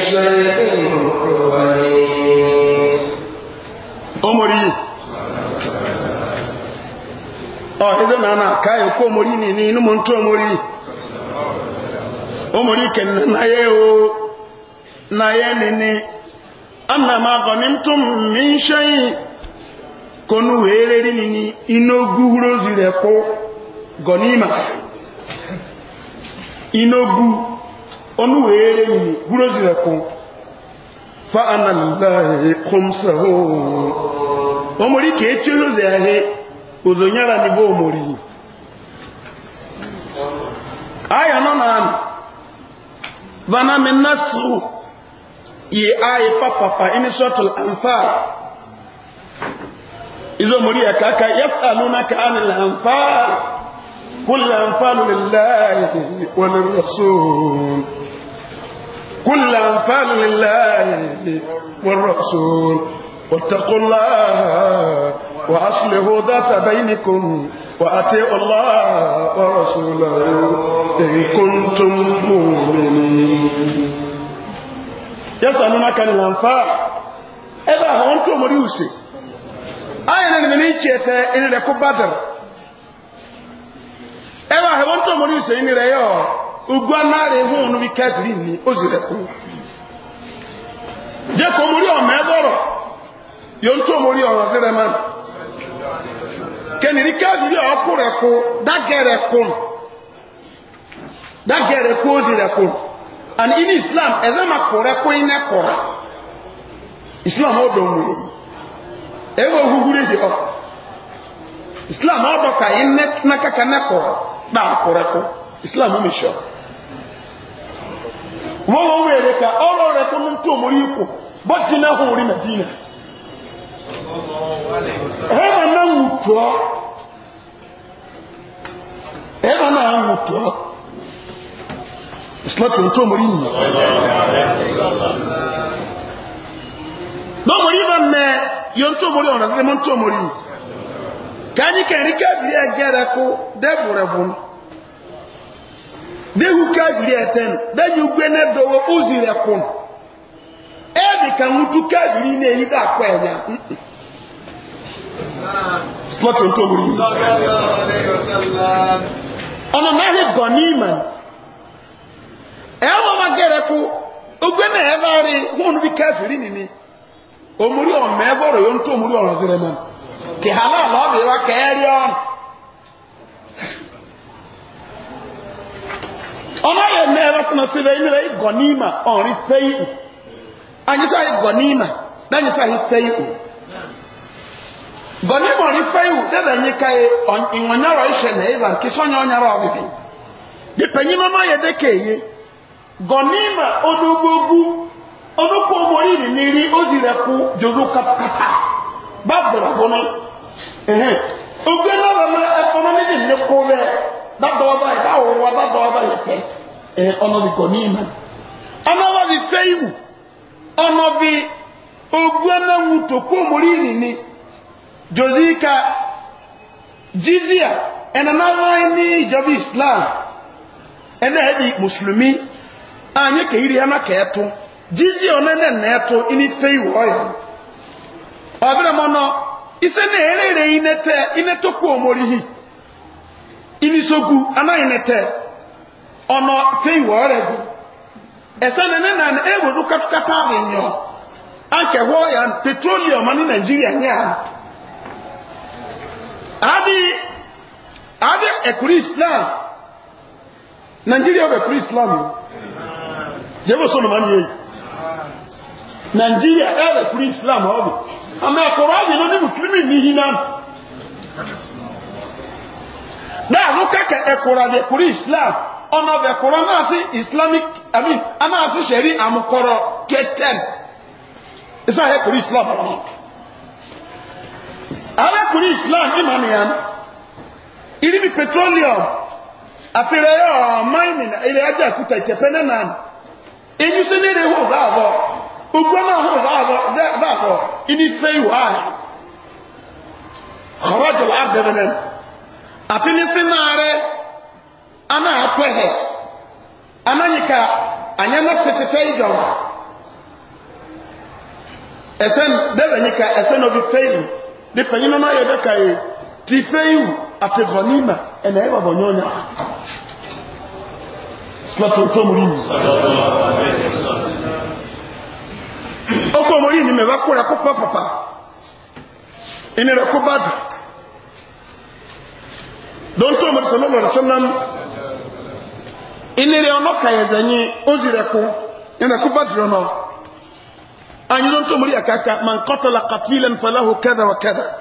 ọ na na ka ya kwa omori ni ni inu ntu omori omori ken na ya o na ye ni ni anna ma ghanimtum min shay konu wereri ni ni inogu hurozire ko gonima inogu onu were yi gúrò sí ẹkùn fa'ana láàrin omori kìí tí ó zẹ̀ ahẹ́ òzònyára omori yìí aya nọ na vanami nasu yi ayi papapa ini sọtul anfa izo mori ya kaka yasaluna ka anil anfa kul anfa lillahi wa كل أنفال لله والرسول واتقوا الله وأصلحوا ذات بينكم وأطيعوا الله ورسوله إن كنتم مؤمنين يسألونك عن الأنفال إذا هونتم مريوسي أين من إنشيته إن لكم بدر إذا هونتم مريوسي إني لكم ugwa nari hu nu nke kafiri ni ozire ko je ko muri o meboro yo nto muri o zire man keni ri kafiri o kure ko dagere and in islam eze ma kure ko islam o ewe ohuhuri e go islam o do ka ine na kaka ne islam mi wọ́n wọ́n wọ́n rẹ̀ ká ọ̀rọ̀ rẹ̀ kó tó mórí ikú bọ́jú náà hùn rí mẹ́dínà ẹ̀rọ náà ń wùtọ́ ẹ̀rọ náà ń wùtọ́ ìsìlọ́tì tó mórí mẹ́ yọ tó mórí ọ̀nà tó mórí dehuka virieten denyugwe nedowo uzirekun edika ngutuka viri neyida kwenya slot onto muri ono ka gonima e ewo magere ku ogwe na evari hunu bi kafiri nini omuri o mevoro yo nto omuri oro zire man ke halal wa ke erion ọnaghị eme ebe sị na sịbe imere ịgọ n'ime ọrị fee ikpu anyị saghị gọ n'ime na anyị saghị fee ikpu gọ n'ime ọrị fee ikpu dede anyị ka e, ịnwanyarọ ishe na ịza nke sọnya ọnyara n'iri katakata ogbe náà lọ na ẹkọ méjì ní kó Eh, ọ̀nà bí gọ̀nìmà ọ̀nà ọnọdụ bí fẹ́ìwù ọ̀nà bí ogun anáwù jizia ẹ̀nà náà ní islam ẹ̀nà ka iri ànyẹ kẹ̀yìrì ka kẹ̀ẹ́tù jizia ọ̀nà ẹ̀nà ẹ̀nẹ́ẹ̀tù ní fẹ́ìwù ọ̀yà ọ̀bẹ̀rẹ̀ m isẹ́ ise na anaghị ọ̀nà fíìwọ̀ rẹ̀ gùn ẹ̀sẹ̀ nínú nà ní ewúro kátukátá àbẹ̀yàn akẹ̀wọ́ ya petroleum ní nàìjíríà ní àná adi adi ẹ̀kúrí islam nàìjíríà ọ̀bẹ̀ kúrí islam yẹ́wò sọ̀nà máa ń yẹ nàìjíríà ẹ̀bẹ̀ kúrí islam ọ̀bẹ̀ àmì ẹ̀kọ́rọ̀ àyè ló ní mùsùlùmí ní yìí náà náà ló kàkẹ́ ẹ̀kọ́rọ̀ islam ọ̀nà ọ̀bẹ̀ kọ̀rọ̀ náà sí islamic i mean anáà sí ṣẹ̀rí àmukọ̀rọ̀ kẹtẹ́n isa ayẹkùnrin islam ọ̀hún ayẹkùnrin islam ní màmìyàn ìrìbí petroleum àfihàn ẹ̀rọ mining ilẹ̀ ajá ìkúta ìtẹ̀pẹ́ náà nà ẹ̀yìn sí ní ìrìn hùwà àbọ̀ ogun náà hùwà àbọ̀ ìní fẹ́ ìwà àyà kọ̀rọ̀ jọ̀lá àbẹ̀bẹ̀ náà àti ní sí náà rẹ̀ ana atɔhɛ ananyika anyana fefefe yi dɔn ɛsɛn bɛbɛ nyika ɛsɛn obi fɛyiwu de panyin na yɛ bɛka yi ti fɛyiwu ate bɔnima ɛna ɛba bɔ nyɔnya na tonto mu yi ɔkɔ mu yi ni mɛ ba kó papa ɛna ɛkó ba do dɔn tó mu sɛ mo lɔrɔ sɛ inere ɔnɔ kayɛ zanyi ozirɛ ko ɛnna ko badiri ɔnɔ anyinɔ ntomori akaka man kɔtɔla katilan falahu kada wa kada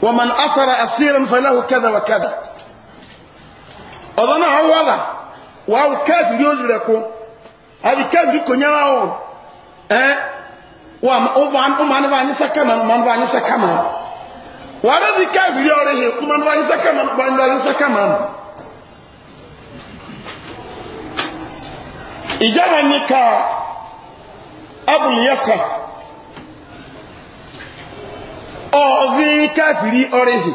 wa man asara asiran falahu kada wa kada ɔdɔn awo wala wa awo kafiri ozirɛ ko abi kafiri konyala o ɛɛ eh? wa o ma o ma ne kama o ma ne ba kama wa ale bi kafiri ɔrehe o ma ne ba kama o ma ne ba anyisa kama. ìjára ní ká abùlíyàsà ọ̀ọ́fí káfìrí ọ̀rẹ́hì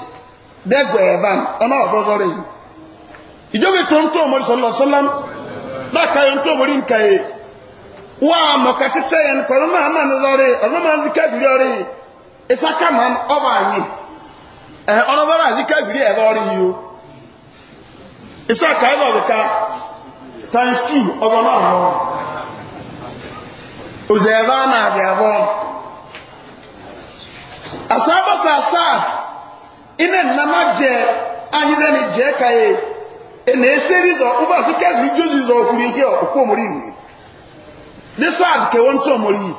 dẹ́gbẹ̀ẹ́bàn ọmọ ọ̀gọ́gọ́ rẹ̀ ìjọba tó ń tó ọmọ ìsọ̀lọ̀ sọ́lám báka yóò tó wọlé nǹkan yìí wọ́n a mọ̀ká títẹ́ yẹn pẹ̀lú máa máa ní lọ́rẹ́ ọ̀rọ̀ máa ní káfìrí ọ̀rẹ́ ìsáká máa times two ọba náà wọ́n òzè ẹ̀bá náà àdì àbọ̀ asábàsà sáà iná nnama jẹ anyinẹ ni jẹ káyé ẹnna e, e eseri zọ ọba so kẹfì józi zọ ọkùnrin yìí ọkọ ọmọdé yìí ní sáà kẹwọn ntọ ọmọdé yìí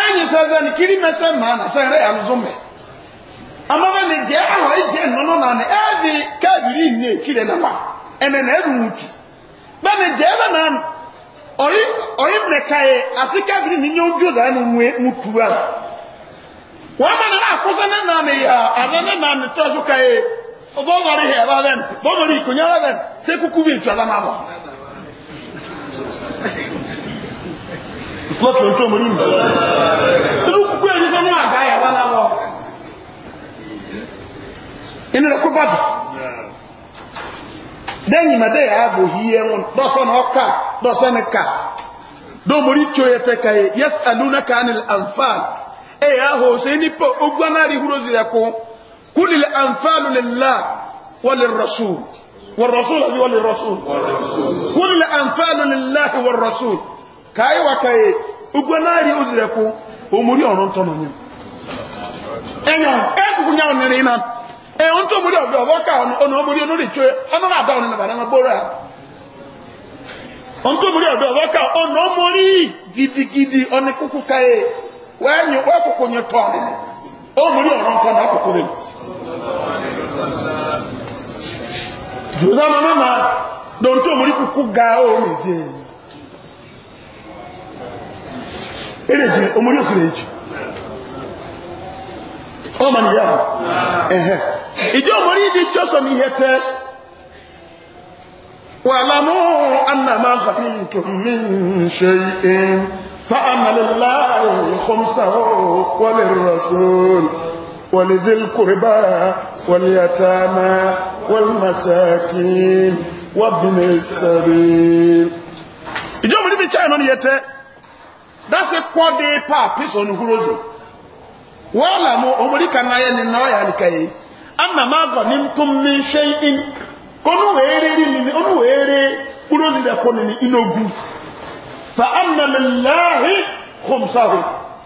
ẹnyin sẹsẹ ni mẹsẹ mmaa na sẹyìn rẹ yà lọsọ mẹ amaba ni jẹ àwọn ẹjẹ nnọnọ naanị ẹbi kẹfì yìí ní ekyirẹ nàmà ẹnna ẹnu wùtù. bẹ́ẹ̀ni jẹ́ẹ́bẹ̀ náà ọ̀yí mẹ̀káyẹ àsìkàbìrì ní yóò jò láàánú mu tuwa wọ́n mọ̀ nínú àkóso náà náà mi yà àdé náà náà mi tọ́sù káyẹ bọ́ọ̀ wọlé hẹ̀ bá bẹ́ẹ̀ bọ́ọ̀ wọlé ìkònyára bẹ́ẹ̀ sẹ́kúkú bí ìtura náà bọ̀. lọ́tún tó mú ní ìgbà inú kúkú ẹni sọ́nú àgbáyà wà láwọ̀ inú rẹ̀ kú bàbà dẹ́yìn mẹ́tẹ́ yà á bò yíyẹ wọn dọ́sán ọkà dọ́sán ká dọ́mọ̀rí tí ó yẹ tẹ́ka yẹ yẹs alúnaka ní ànfàl ẹ̀ yà á hó ṣe ní pọ̀ ogun anáàrí húrò sílẹ̀ kún kúlì ànfàl lè wọlé rasul wọ rasul àbí wọlé rasul kúlì ànfàl lè la wọ rasul káyé wà káyé ogun anáàrí húrò sílẹ̀ kún òmùrí ọ̀rọ̀ ń tọ́nà ní ẹ̀yàn ẹ̀ e ohun tó múlẹ̀ ọ̀dọ̀ ọ̀bọ̀ ká ọ̀nà ọmọ orí onúrì tó ọ̀nà àbá ọ̀nà bàdá wọn tó múlẹ̀ ọ̀bọ̀ ká ọ̀nà gidigidi ọ̀nà kúkú káyé wẹ́ẹ̀yìn wẹ́ẹ̀kùkù yẹn tọ́ ọ̀nà ọmọ ọ̀nà tọ́ ọ̀nà kúkú rẹ̀. jùlọ ọmọ nìyà ẹ̀hẹ́ ìjọ mọ̀rí ìdí tí ó sọ ní ihe tẹ́ wà lámú annàmá fàfíntùn mí ṣe ìhìn fa'amàlélá ìkọmsáwò wọlé rasul wọlé dìlkùrìbá wọlé yàtàmà wọlé masakin wọ́bìnrin sàrí ìjọ mọ̀rí ìdí tí ó sọ ní ihe tẹ́ dáṣe kọ́ dé pàpí sọ ní húrózùn wala mu omuri kanaye ni noya nikaye anna ma ghanimtum min shay'in kono were ni onu were kuno ni da kono ni inogu fa anna lillahi khumsahu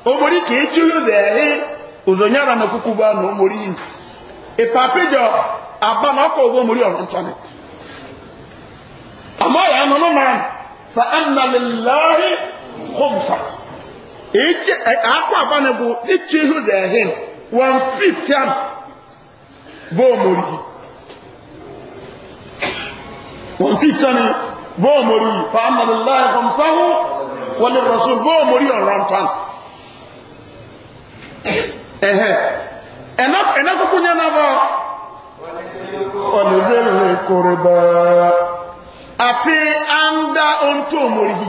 omuri ke chiyo dehe uzonyara na kukuba no omuri e papejo aba na ko go omuri onu tane amma ya no no fa anna lillahi eche e, akwa na bụ ịtụ ihu dị ehin one bụ omori one bụ omori fa amalillah hamsahu wani rasul bụ omori ọrantan ehe ẹnakwụkwụ nye na bụ ọlẹ́lẹ́lẹ́ kọrọba Ati anda ohun omori gị.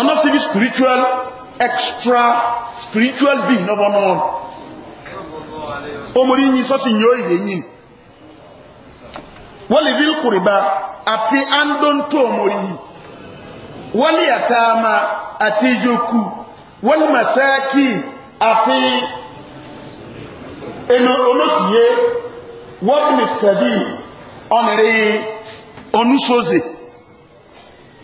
ọ̀nà bí spiritual extra spiritual being lọ́wọ́ náà omori yin sọ́sì yóò ìwé yìn wọ́n lè bí kùrìbá àti andonto omori yìí wọ́n lè àtàmà àti yòókù wọ́n lè màsáàkì àti ẹnu olóṣìyẹ wọ́n lè sẹ̀bí ọ̀nà rẹ̀ onúṣòzè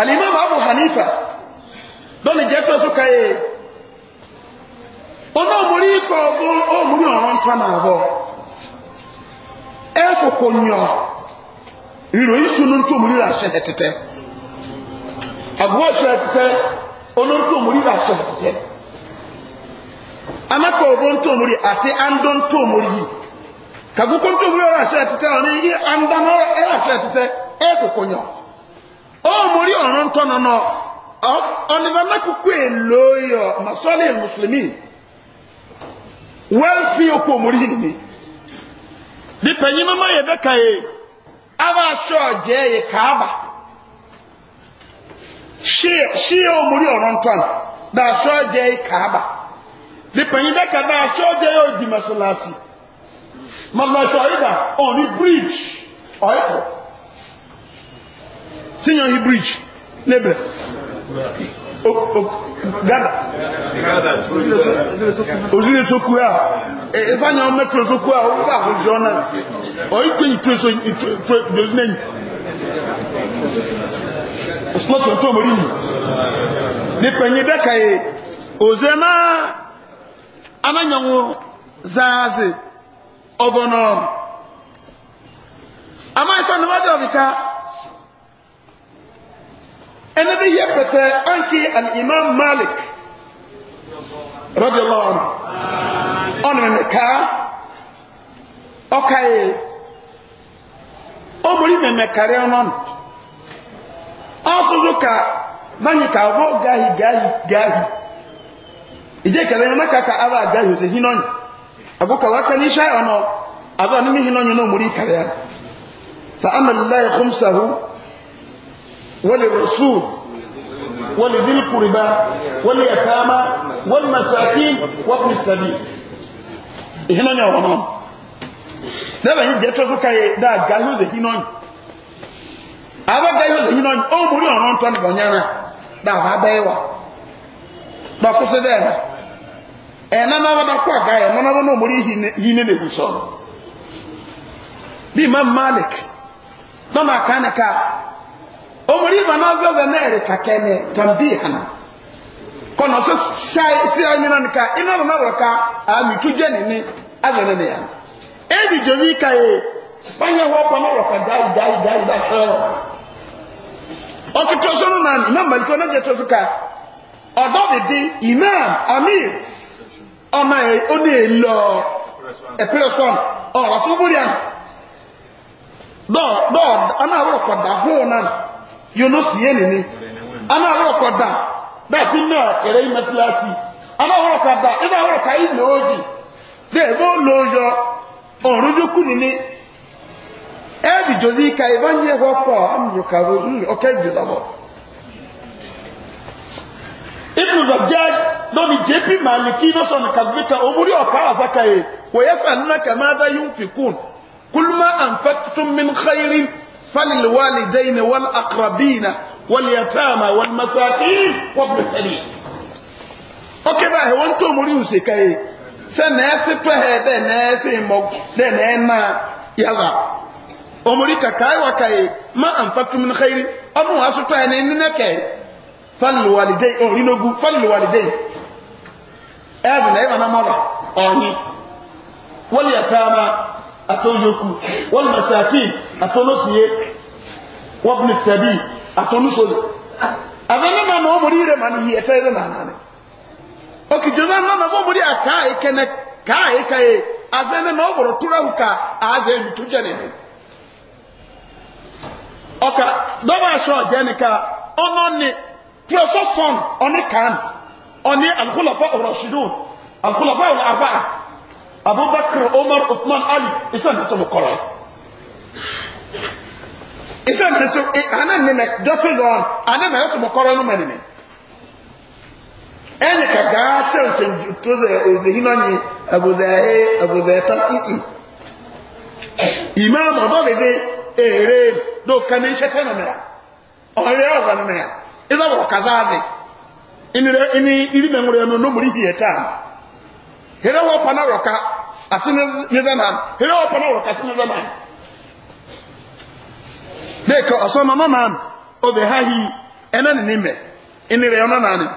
alimam abu hanifa lọ́nà jẹ́ tó ẹ̀sùn káyé ọ̀nà òmùrí ikọ̀ ọ̀gbọ́n òmùrí ọ̀rọ̀ ntọ́ náà bọ̀ ẹ̀ kòkò yàn rírò ìṣúnú tó òmùrí rà ṣẹ̀ tẹ̀tẹ̀ àbúrò ṣẹ̀ tẹ̀tẹ̀ ọ̀nà tó òmùrí rà ṣẹ̀ tẹ̀tẹ̀ anakọ̀ ọ̀gbọ́n tó òmùrí àti andó tó òmùrí yìí kàkókò tó òmùrí rà ṣẹ̀ tẹ̀tẹ̀ ọ̀nà yìí andá náà ẹ̀ rà ṣẹ̀ tẹ̀tẹ̀ ẹ̀ kòkò yàn. omori ọ̀rọ̀ ntọ́ nọ nọ ọ̀nìbànàkùkù èlò yọ masọ́lì mùsùlùmí wọ́n fi okú omori yìí ni bí pẹ̀yìn mọ́mọ́ yẹ bẹ́ ka yìí ava aṣọ ọ̀jẹ́ yìí kàába ṣí omori ọ̀rọ̀ ntọ́ nọ bá aṣọ ọ̀jẹ́ yìí kàába bí pẹ̀yìn ka bá aṣọ ọ̀jẹ́ yìí ó Ma masalasi masalasi ọ̀yìnbá ọ̀ní bíríjì sinyan hi bridge lebre gada ozile soku a efa e, nya o metro soku a o ba ho jona o itu e, itu so itu dozine it's not your tomori ni penye deka e ozema ananyanwo zaazi ogono ama isa ni wajo bika ẹni bí yẹ pẹtẹ anki al-imam malik radiyallahu anhu ọ̀nà mẹ̀mẹ̀ká ọkà yìí ọmọrí mẹ̀mẹ̀kárẹ́ ọ̀nà ọ̀sọ̀dọ̀ ka báyìíká ọgbọ́ gáhì gáhì gáhì ìjẹ́ ìkẹ̀lẹ̀ yẹn náà kàkà ara gáhì òsè hinọ́ yìí àgbọ̀kọ̀wá kẹ́ ní iṣẹ́ ọ̀nà àbúrò ní mi hinọ́ yìí náà mọ̀rí ìkàrẹ́ yà fa amẹ́lẹ́láyẹ̀ kọ́msáhù وللرسول ولذي wali واليتامى والمساكين وابن السبيل هنا يا رمضان dẹ́bẹ̀ yìí jẹ́ tọ́sọ́ káyé dáa gáyó lè hínà yìí abẹ́ gáyó lè hínà yìí ó múrí ọ̀rán tọ́ nìbọn yára dáa wà bẹ́ẹ̀ wà dọ́kú sí bẹ́ẹ̀ rẹ̀ ẹ̀ẹ́nà náà omori manazo za nere kakene tambihana kono hana shai si anyina nika ina na roka amituje nini azana ne ya ebi jobi kai banya ho pa na roka dai dai dai da so okito so na na maliko na jeto suka odo bi di imam amir ọmọ ẹ ó ní èlò ẹpẹrẹsọn ọ̀rọ̀ fún búrẹ́à dọ́ọ̀ dọ́ọ̀ anáwó ọ̀kọ̀dà hóun náà yunus yẹn nìní ana ahorow e kọ da bẹẹ fi mẹ ẹrẹ yìí mẹfìlásì ana ahorow kọ da ẹbí ahorow kọ ayé lòóyì bẹẹ bó lòóyọ ọrùdúkú nìní ẹbí jòlí ka ìbá nyẹ hó pọ amúlò kàwé ọkẹ ìjọlọbọ ibnu zajaj lóni jp maliki lọsọnù kàgbéka omúri ọkà àzàkàyè wòye fẹ nínú kàmáda yìí ń fi kún kulma anfẹ tún mi ń xayirin. فللوالدين والأقربين واليتامى والمساكين وابن السبيل أوكي بقى هو أنتم مريوسي كي سنأسي فهي ده نأسي موك ده نأنا يلا أمريكا كاي وكاي ما أنفقت من خير أمو أسوتو هنا إننا كاي فللوالدين أورينوغو فللوالدين أذن أيضا مرة أوني واليتامى atọ́yọkù wọ́n masakin atọ́nọ́síye wọ́n bí sẹ́bí atọ́nọ́sọ́lù àbẹ́nàmà náà wọ́n mọ̀rí rẹ̀ màá nìyí ẹ̀fẹ́ rẹ̀ nàá nì okìjọba náà wọ́n mọ̀rí àká ìkẹnẹ ká ìkẹyẹ àbẹ́nàmà wọ́n mọ̀rọ̀ túráhù ká àzẹ́ ìtú jẹ́nì ọkà dọ́wọ́ aṣọ jẹ́nì ká ọ̀nà ni pírọsọ́sọ́n ọ̀ní kan ọ̀ní alùkùlọ̀fọ́ ọ̀rọ̀ ṣìdùn alùkùlọ̀fọ́ ọ̀rọ̀ àbáà abubakar omar uthman ali isa ne sɔmu kɔrɔ isa ne sɔ e ana nene dɔfe lɔn ana mɛ sɔmu kɔrɔ no mɛ nene ɛnyɛ ka gaa kyɛn kyɛn to zɛ ozehi na nye abozɛhe abozɛta imam ɔdɔ de de ere do kane nhyɛ tɛ na mɛ ɔyɛ ɔzɔ na mɛ isa wɔ kazaade ini iri mɛ ŋoro yɛ no nomori hiɛ taa here wɔ pana wɔka ase ne dɛ nan here wɔ pana wɔka ase ne dɛ nan ne ka ɔsɔ ma nan ɔbɛ ha hi ɛna ne ne mɛ ɛne rɛ ɔna nan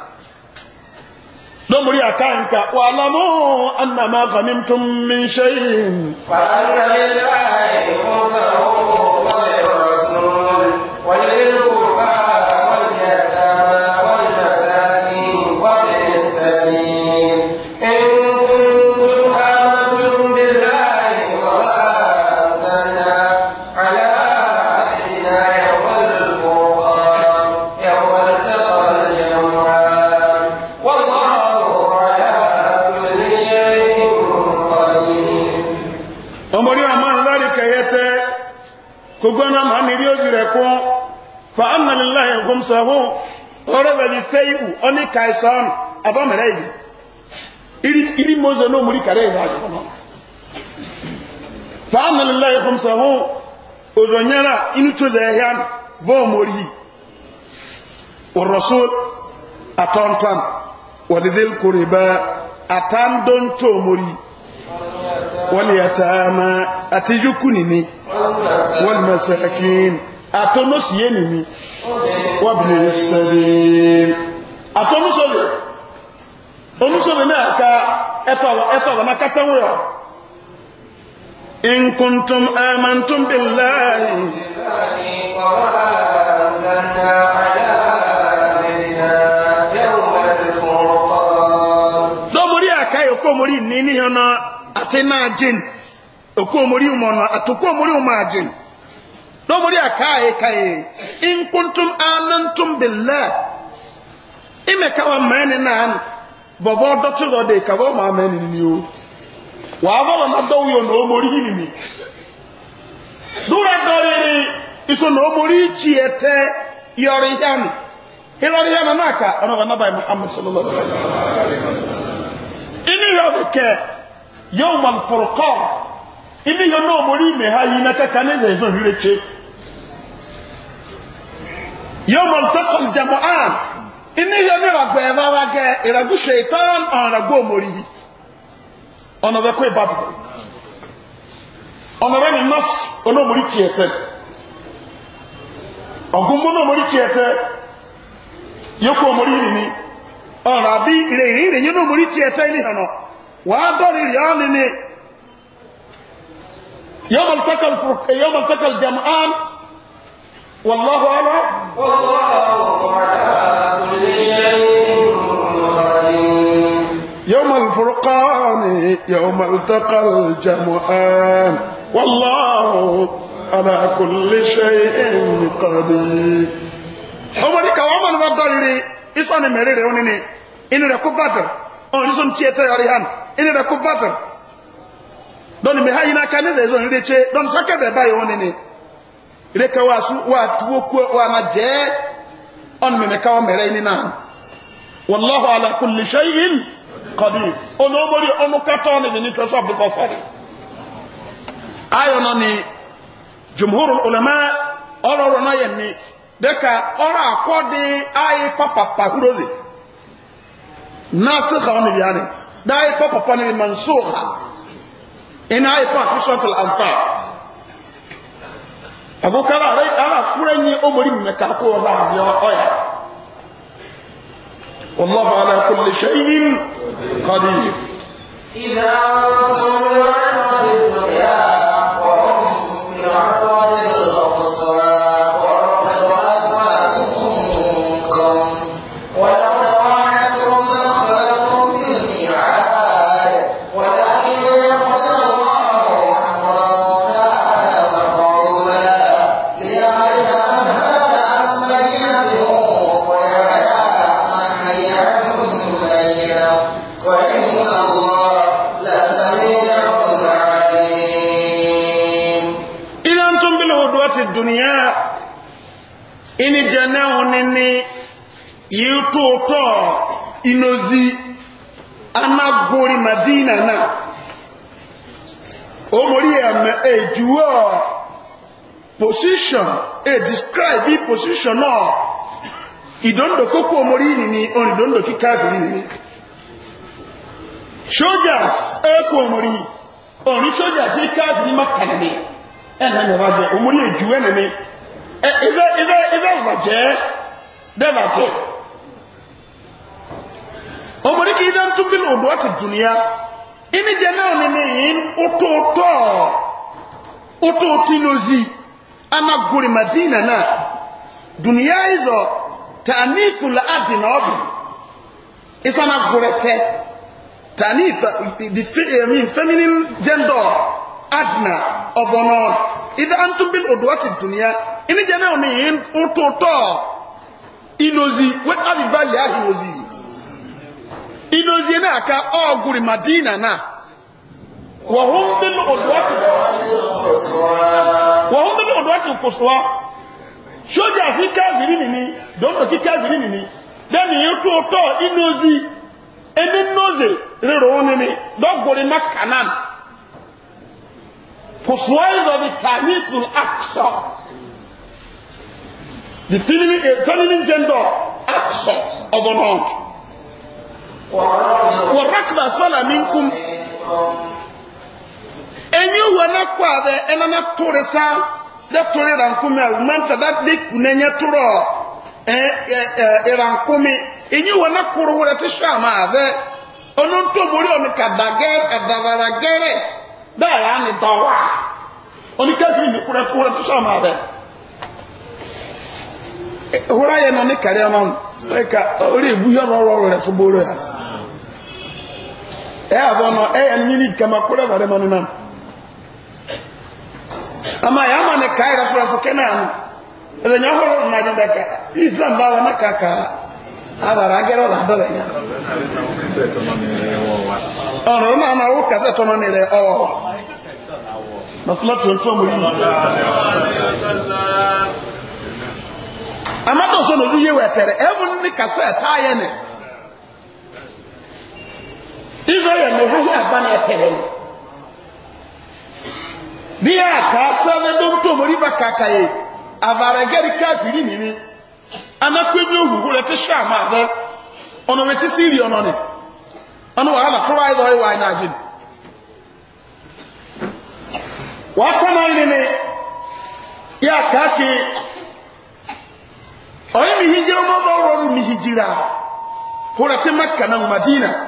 lomori aka nka walamu annama ghanimtum min shay'in fa anna lillahi musawu wa lirrasul wa lil ho ɔrɛ bɛ bi fɛ yi wu ɔni ka yi sɔn abɔ mɛrɛ yi bi iri iri mɔzɔn n'o muri kare yi ha jɔ kɔnɔ fa anala yi kɔm sɔn ho ozɔnyɛra inu tso lɛ yan vɔn mori yi wɔrɔso وابن السبيل أتو مسلم ومسلم ناكا أفا أفا ما كتويا إن كنتم آمنتم بالله وما أنزلنا على عبدنا يوم الفرقان دومري أكا يكومري نيني هنا أتنا جن أكومري أمنا أتكومري أمنا جن lómúrí àkáyé káyé e e, nkuntum anantum bilẹ ìmẹkáwá mẹni náà bọbọ dọtírọ de kàwé ọmọ amẹni ni o wàá bọlọ náà dọwọ yọ nà ọmọ orí mi dúró dọrẹrẹ ìṣó nà ọmọ orí jì ẹ tẹ yọrí yánu ìrọrí yánu náà kà ọmọ bàbá bàbá muhammed sallallahu alaihi inú yọ kẹ yọọ mọ fọrọkọ inú yọ náà mi ha yìí náà kẹkẹ ní yọmọ ntọ́kọ̀ ìjàmọ̀ àn iná yọ ní ìrọ̀gbọ̀ ẹ̀fà wa gẹ ìrọ̀gbọ̀ ṣètọ́n ọ̀rọ̀gbọ̀ òmòrì yìí ọ̀nà bẹ kó ìbàdàn ọ̀nà bẹ ní nọ́ọ̀sì olóòmòrì tiẹ̀ tẹ ọ̀gúnmọ́ olóòmòrì tiẹ̀ tẹ yọkọ̀ òmòrì yìí ni ọ̀rọ̀ àbí ìrè ìrè ìrè yẹn olóòmòrì tiẹ̀ tẹ ní hànà wàá dọ́rì rẹ̀ ọ́ nínú yọmọ ntọ́kọ̀ ìjàmọ̀ àn والله أعلم والله كل شيء قدير يوم الفرقان يوم التقى الجمعان والله على كل شيء قدير أولي كوامان وضرري إساني مريري ونيني إني ركو باتر أولي سن تيتا ياريهان إني ركو باتر دوني مهاينا كالي ذي زون ريتشي دون ساكي بيباي ونيني reka wasu watuwo kuwa wana je on memekawa mereini nan wallahu ala kulli shay'in qadir ono mori ono katone ni to so bi sasari ayo no ni jumhurul ulama ororo no yen ni deka ora akodi ayi papapa hurozi nasikha on yani dai papapa ni mansukha ina ayi pa kusatul anfal abokala ara ara kura nyi omori mi ka ko wa hazi oya والله على كل شيء قدير إذا أنتم يا tòótọ́ inozi anagori madina na ó mórí ẹ̀mẹ́ èjúwọ́ position a describe position náà ìdóńdò kókó mórí yìí ni onídóńdò kíkà ìdórí ni soldiers ẹ̀kọ́ mórí òní soldiers kíkà ìdórí mọ́kànlá ni ẹ̀ náà ní wájú ẹ̀ mórí èjúwẹ́ nìyẹn ẹ̀ ẹ̀ ẹ̀ ẹ̀ bàjẹ́ bẹ́ẹ̀ bàjẹ́ omoriki idan tubil oduwati duniya ini jana oni ne yin ototo ototi lozi ama guri madina na dunia izo ta'anifu la adi na obi isana gurete ta'anif the I mean feminine gender adna obono idan tubil oduwati duniya ini jana oni yin ototo inozi we avi valley ahinozi inozie na aka ọgụrụ madina na wọhụm dị n'ọdụwatụ wọhụm dị n'ọdụwatụ kwụsụwa soja si kaziri nini dọkịta ki kaziri nini dẹni yóò tó tọ inozi ẹni nọze rírọ nini dọgbọrin makanan kwụsụwa ịzọbi tanisul aksọ the a feminine gender aksọ ọgbọnọ wɔrakba sala minkum enyi wɔ ne kɔ abɛ ɛna ne tore saa ne tore rankume a mɛnta da de kune nye torɔ ɛɛ e, ɛɛ e, e, rankume enyi wɔ ne koro wɔ te hwɛ ama abɛ ɔno ntomori ɔno ka dagɛ ɛdavara gɛrɛ bɛɛ yɛ ani dawa ɔno kɛkiri ne koro ɛfo wɔ te hwɛ ama abɛ hura yɛ na ne kari ɔno ɛka ɔre ebu yɛ ɔrɔ ɔrɔ rɛ fo boro yɛ ɛyɛ bɔ no ɛyɛ kama kura ba dama nuna ama ya ma ne kai da sura so kena an ɛdɛ nya hɔrɔ na nya bɛ ka islam ba wa na ka ka abara agɛrɛ la dɔ la nya ɔnɔ ma ma wo kasɛ tɔnɔ ne yɛrɛ ɔwɔ wa masala tuntun mu yi ama dɔ sɔn na olu ye wɛtɛrɛ ɛmu ni kasɛ taa yɛ ne. israel mehwɛ yɛ aba na ɛtɛrɛ no a kà sá ní dókítà mori bá kàkà yìí àvàrẹ̀gẹ́rì káàkiri nìní anakwemi òhùhù rẹ ti ti ni ọ̀nà wàhálà kọ́ra ayélujára ìwà ẹ̀ náà gbìn. wàá na náà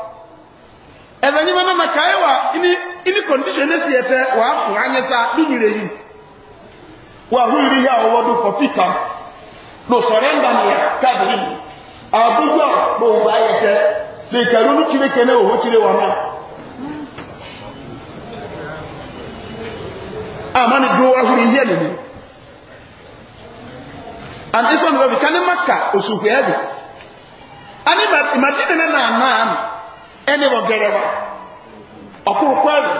ɛnanyima na makae wa ini ini condition ne si yɛtɛ w'afo anyesa do nyire yi w'aho yiri yi a wɔwɔ do for fita do sɔrɛnda ne ya kaadiri mu abudu a do ba yɛtɛ de kari onu kiri kene wo ho kiri wa ma ama ne do ahori yie ne ni and this one wɔ bi ka ne maka osuhwɛ bi ani ma ma di ne ne na ana ɛne wɔ gɛrɛba ɔkoro kɔ ɛlɛ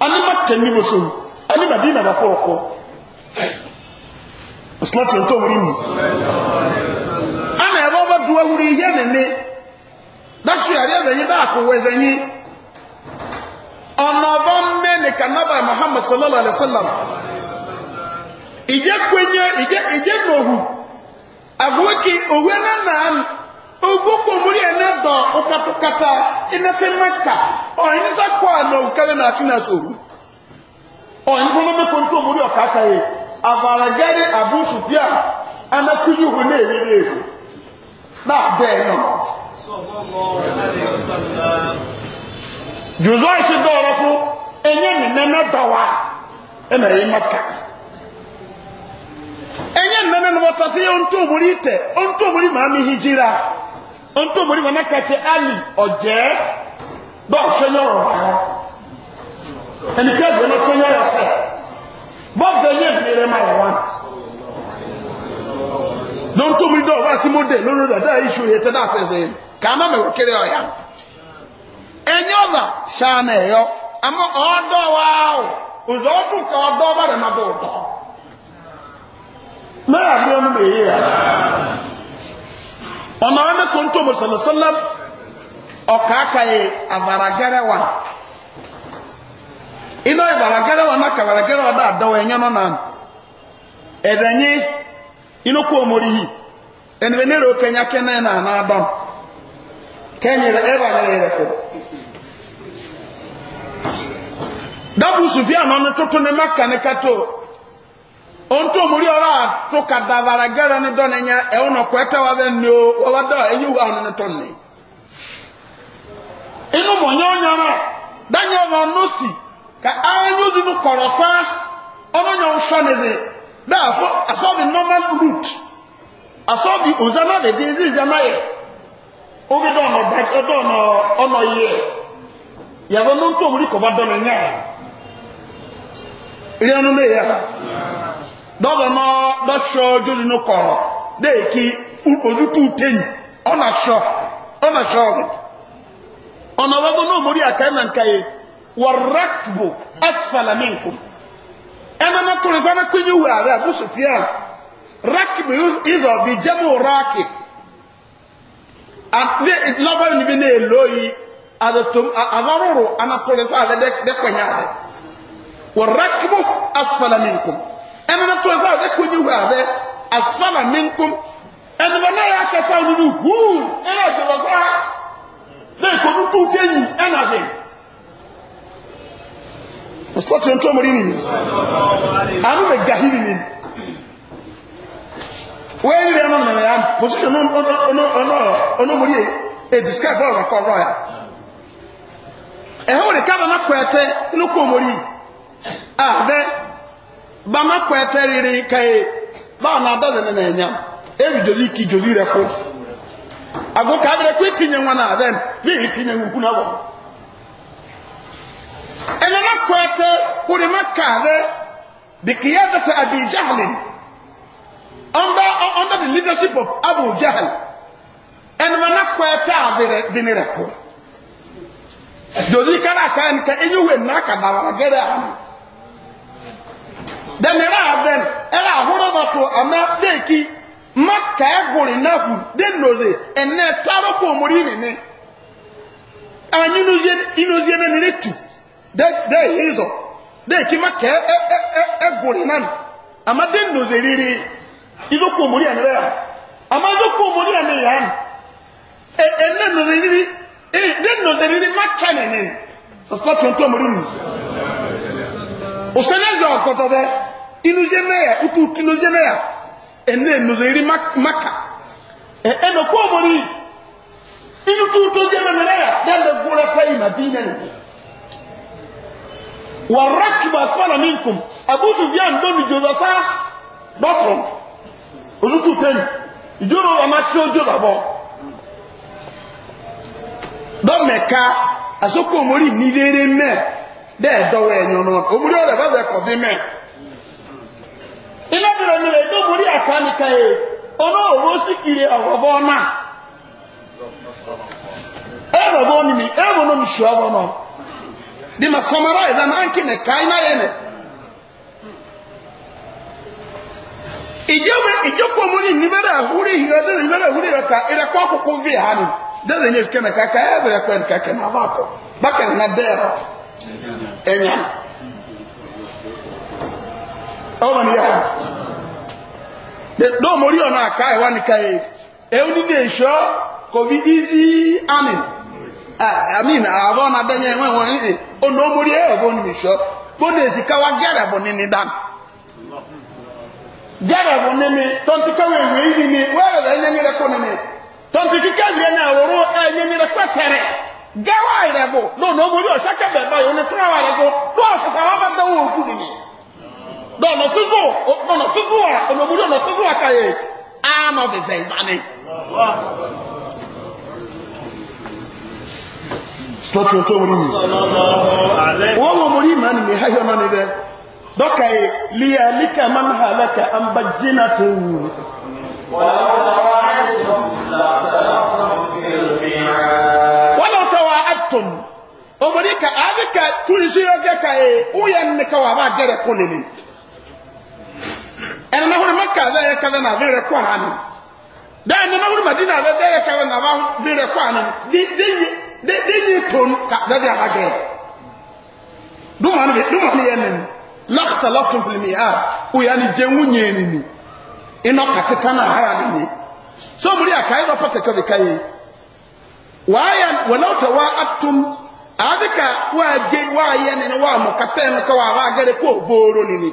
ane ma tɛ nimu so ane ma di na ba koro kɔ ɔsinati ntɔ wuli mu ana ɛbɛ ɔba duwa wuli yɛ nene dasu yari ɛbɛ yi baako wɔ ɛbɛ yi ɔnɔbɔ mmɛ ne kanaba muhammad sallallahu alaihi wa sallam ìjẹ́ kwenye ìjẹ́ ìjẹ́ nòhù àgùwẹ́kì òwe náà nàá. ogoko muri ene dɔ okatukata enefe maka ɔyin nisa kɔ anɔ na asi na soro ɔyin fɔlɔ bɛ kɔntɔ muri ɔkata ye avaragari abusufia anakuyi wo ne yere ewu na bɛɛ nɔ. jùzọ́ ìṣe dɔwɔrɔ fún enye ni nene dɔwa ɛna eyi maka enye ni nene ni wɔtasi ye ntɔ muri tɛ ntɔ muri maami hijira. ntọ́ mọ̀ ní wọn kẹ́kẹ́ ali ọ̀jẹ́ bọ́ọ̀ sọ́yọ́ ọ̀rọ̀ wa ẹni kẹ́kẹ́ ẹni sọ́yọ́ ọ̀rọ̀ fẹ́ bọ́ọ̀ bẹ́ẹ̀ yẹ ìbéèrè máa yẹ wọn. lọ́ntọ́ mi dọ̀ wá sí mọ́dẹ̀ lórí dàda iṣu yẹ tẹ́ dáa sẹ́sẹ́ yìí kà á má mẹ́wọ́ kéré ọ̀yà. ẹni ọ̀zà ṣáánà ẹ̀yọ àmọ́ ọ̀ọ́dọ̀ wa o òzò ọ̀tún kà ọ̀dọ́ bana rame kwentomar salasallam ọkaakaghị abara gara wa ino abara gara wa naka abara gara wa daa dawoyen ya nọ na edenyekwu omorihi enyemere oke nye ake na ya na abam ka enyi abara ya Dabu dapụt su fiye nọ na tụtụ me maka onto muri ora so kadavara gara ne donenya e uno kweta wa venno wa wada enyu wa ono tonne inu monyonya ma danya wa nosi ka anyu zinu korosa ono nyo shoneze da fo aso the normal route aso the ozama de dizi zama ye don no back o don no ono ye ya wa nonto muri ko ba ya dɔbɔ ma bɛ sɔ joli no kɔrɔ de ki ojú tu teyi ɔna sɔ ɔna sɔ ɔna bɛ bɔ n'o mori akɛ na nka ye wa rakbo asfala min kun ɛna e na tori sani kunyi wu a bɛ rakbo irɔ bi jamu raaki ne laban ni bi ne lo yi a bɛ tom ana tori sa a bɛ kpɛnyɛ a wa rakbo asfala ɛna na tɔ sɛ ɔde kɔnyi hɔ abɛ asfala minkum ɛnubɔ na yɛ akɛta ɔnunu huu ɛna ɔdɔbɔ sɛ na ekɔdu tu kɛnyi ɛna ase ɔsɔtɔ ntɔmɔ di nini anu bɛ gahi nini wọ́n yẹ́ ẹ̀rọ nàmẹ̀ yá pòsíṣẹ̀ ọ̀nàmọ̀rí èdìsíkàgbọ́ ọ̀rọ̀ kọ́ ọ̀rọ̀ yá ẹ̀họ́ rẹ̀ káàdà náà kọ̀ ẹ̀tẹ́ inú kò mọ̀rí ààbẹ́ bama kọ ẹfẹ rere ka ye báwo na adọ nínú ẹnya ebi jòlí kì jòlí rẹ kọ àgọ kábìrẹ kó etinye wọn náà bẹẹ bí etinye wọn kú náà wọ. ẹnna ma kọ ẹtẹ wọlé ma kà dẹ bìkìyà dẹtẹ àbí jahalin under under the leadership of abu jahal ẹnna ma na kọ ẹtẹ àbẹrẹ dínní rẹ kọ jòlí kára ká ẹnìkan dem ra bẹn ẹra ahoro bato ama deeki maka egwuri nahu denore ene taro ko omori nene anyi inozie na nire tu de hizo deeki maka egwuri nan ama denore riri izo ko omori ya ama izo ko omori anire ya ene nore riri denore riri maka nene sọsọ tuntun omori nù ọkọtọ bẹẹ. inu jeneya utu utino jeneya ene nuzeri maka e, ene kwa mori inu tu utu jeneya dende gure fai madina wa rakiba asfala minkum abu sufyan do mi joza sa bottom ozutu ten ijoro wa ma tso joza bo do meka asoko mori ni lere me de do we nyono omuri ore ba ze ko bi me ilé ìdúró rẹ̀ tó borí àkànníkà yìí ọ̀nà òwò kiri e mi ṣe náà ma sọmọrọ ẹ̀dá náà ń kí ká iná yẹn nẹ. ìjọba ìjọba níbẹ̀rẹ̀ àhúrí níbẹ̀rẹ̀ àhúrí ìrẹ̀kọ́ àkókò ha ni dẹ́rẹ̀ ní ẹ̀ ọmọ e, e e, ni yára dọ́ mọ̀rí ọ̀nà àká ẹ̀wà nìka ẹ̀ ẹ̀hún ní èṣọ́ kò fi easy amin na àwọn ọ̀nà adẹ́yẹ ẹ̀wọ̀n ẹ̀wọ̀n nílé ọ̀nà ọmọrí ẹ̀ na ní èṣọ́ gbọ́nà èsì káwá gẹ́rẹ̀ bọ̀ nínú dánù gẹ́rẹ̀ bọ̀ nínú tọ́ntì káwé ìwé yìí ni wẹ́rẹ̀ rẹ̀ ẹ̀yẹ́ nyẹrẹ kó nínú tọ́ntì kíkẹ́ ìwé náà wọ́rọ́ na nyẹrẹ kó tẹ̀rẹ̀ gẹ́wà rẹ̀ bọ̀ lọ́nà ọmọrí ọ̀ṣẹ́kẹ́ bẹ̀ báyìí dɔnɔ soso dɔnɔ soso a ɔnɔmu dɔnɔ soso a ka ye anɔ bɛ zɛ zani. sọtù tó wọlé mi. wọ́n wọ mọ̀rí màá nìyẹn hayọ́ náà níbẹ̀. dọ́kà yìí liya lika man halaka an ba jina tó ka àbíkà túnisí ọjọ́ ka yìí ó yẹ nìkan ɛna na hore maka a bɛyɛ kɛbɛ na bɛrɛ kɔ ha no dɛn na na hore madina a bɛyɛ kɛbɛ na ba bɛrɛ kɔ ha no de de nye de de nye ton ka bɛbi a ba gɛɛ duma no bi duma no yɛ ne no lakita lakita fili mi a o yɛ ani nye ne ni ina ka tita na haya ne ye so muri a kayi dɔ pata kɛbi kayi waayɛ wɛlɛw tɛ waa atum a bɛ ka waa je waa yɛ ne ne waa mɔ ka pɛn ne waa a b'a gɛrɛ k'o booro ne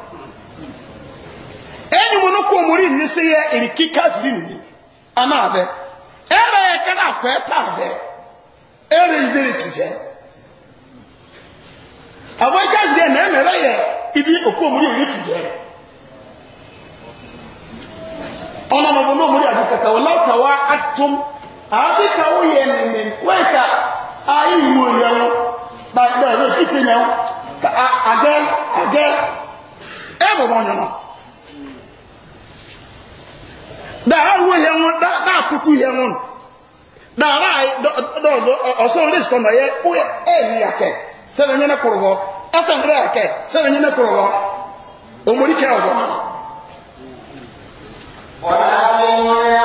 ẹni wọn kọ ọmọ rí ní sí ni àmà abẹ ẹrẹ yẹ kẹlẹ àpò ẹ tà abẹ na ìdè ètù yẹ àwọn ẹja ìdè ẹnẹ mẹrẹ yẹ ibi òkú ọmọ rí ìrì tù yẹ ọmọ ọmọ ọmọ ọmọ rí àti kàkà wọn láwùtà wá àtúm àti kàwọ yẹ nìyẹn wẹẹka ayé ìwò yẹ daa awo yɛ ŋo daa daa tutu yɛ ŋo ya raa dɔɔso ɔsɔn risk ɔnɔ yɛ o yɛ ɛɛ ya yɛ kɛ sɛbɛn nyɛ ne koro hɔ ɛsɛn rɛ na kɛ sɛbɛn nyɛ ne koro hɔ o mori kɛ o hɔ. àmọ́ ọ̀nà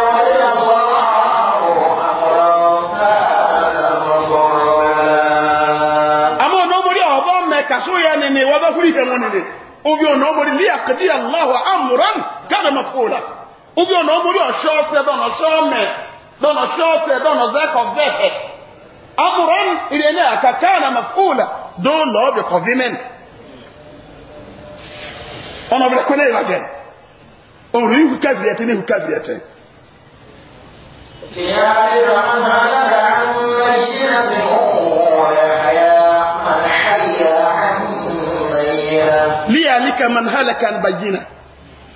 omori ọ̀bọ̀ mẹ́ ya yẹ nìní wọ́n bá kúrì obi ubi ono omuri osho se dono sho me dono sho se dono zeko vehe amuran ilene akakana mafula do lo bi ko vimen ono bi ko ne wagen ono yu ka bi ete ne yu ka bi ete ya ayyuha man halaka an bayyinatin wa yahya man hayya an bayyina liyalika man halaka an bayyinatin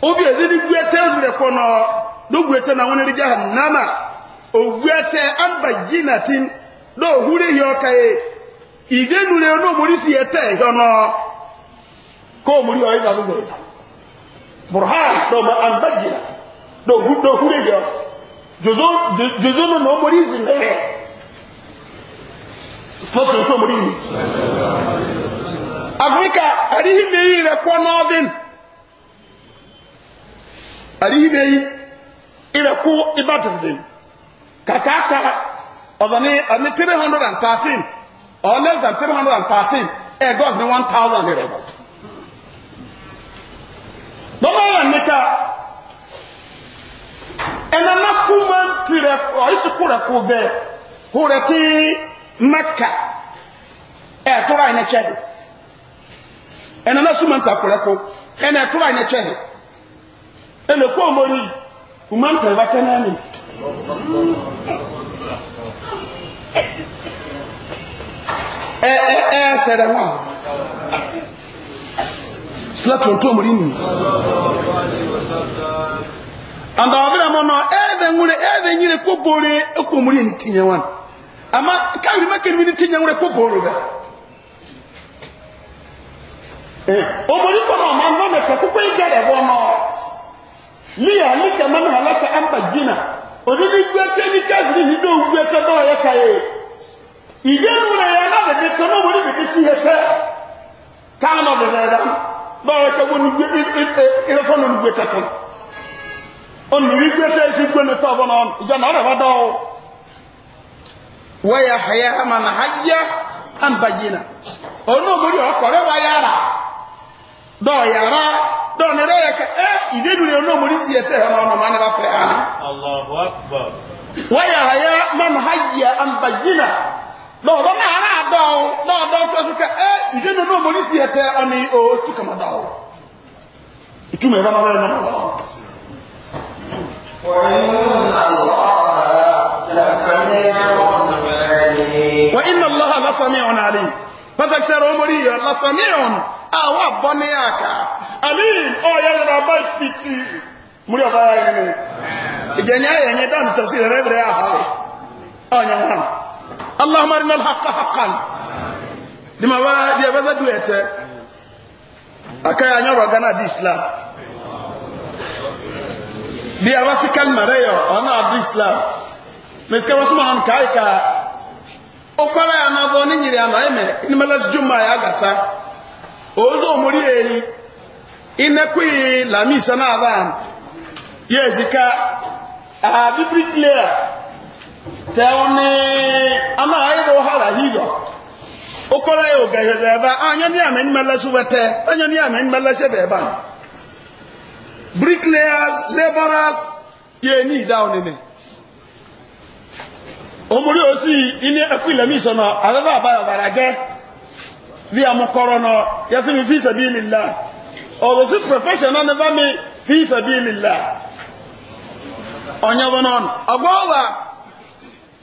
obi ezidi gwete ezure kono do gwete na wonere jahannama ogwete ambayinatin do hure yokaye igenure no morisi ete hono ko muri oyi na zo burhan do ma ambayina do gudo hure yo jozo jozo no morisi ne sponsor to morisi afrika ari me ire kono din arihibeyi ireko ibadurden kakaka ọdọni ọdọni three hundred and thirteen or less than three hundred and thirteen ẹgọg eh, ni one thousand ireko bọ́mọ̀ yẹn nìka ẹnana kuma tirẹ ọyísìkú rẹ kú bẹ hùrẹ tí mẹka ẹ tura ẹnẹkyẹ ẹnana suma ntakurẹ kú ẹnẹ tura ẹnẹkyẹ. ẹnì kó omori ọmọ ntẹ bá tẹ náà ni. ẹ ẹ ẹ sẹrẹ wá sílẹtù tó omori nìyí. àǹdà ọ̀bẹ̀rẹ̀ mọ́ náà ẹ̀ẹ́dẹ̀ ńwúrẹ̀ ẹ̀ẹ́dẹ̀ nyere kó bóore ẹ̀kọ́ omori yẹn ti yẹn wọn àmà káwé mẹ́kẹ́ ni kó bóore liya nika man halaka an bajina oni ni gbe nike ni kazri ni do gbe kaye ije na ya na de to no mo ni be si he fe kan no be da do ye ko ni gbe ni ile fo no ni gbe ta ton on na wa do wa yahya man dɔɔ yara dɔɔ ne dɔɔ yɛ kɛ ɛ ìdédu yɛ n'o mori si yɛ tɛ hɛrɛ ɔnà maa ne b'a fɛ yan. alahu akbar. wáyà hayà mama hayà anbayina dɔɔ dɔɔ náà ara dɔɔ dɔɔ dɔɔ fɛ so wa inna allaha lasami'un alim pàtàkì tẹ̀rọ omori yọ lasami'un àwọn àbọ́ ní àkà àní ọ̀yẹ́ lọ́nà bá ìpìtì múrí ọ̀fà ara ẹni ìjẹni ayẹyẹ dáà ní tẹ̀sí rẹ̀ rẹ̀ àhàlẹ̀ ọ̀nyẹ̀ wọn allahumma rina haka hakan di ma di ẹbẹ bẹ du ẹtẹ islam bí a bá sí kalima islam mẹsìkẹ́ wọ́n súnmọ́ hàn káyìí ká ọkọ̀ rẹ̀ àná bọ́ ní nyìrì àná ẹ̀mẹ́ ẹni jùmọ̀ àyà ozo muri eyi inekwi lamisa na ye zika a ah, bibri player tewni ama ayo hala hiyo okola yo gajebe ba anya ah, ni amen mala suwete anya ah, ni amen mala shebe ba bricklayers laborers ye ni down ne omuri osi ine ekwi lamisa na ababa ba barage bí amọ̀kọ́rọ̀ náà yẹsí mi fi sẹ̀bí ìlìlá ọ̀rọ̀ sí profession náà nípa mi fi sẹ̀bí ìlìlá ọ̀nyẹ́ wọn náà ọgbọ́ọ̀wà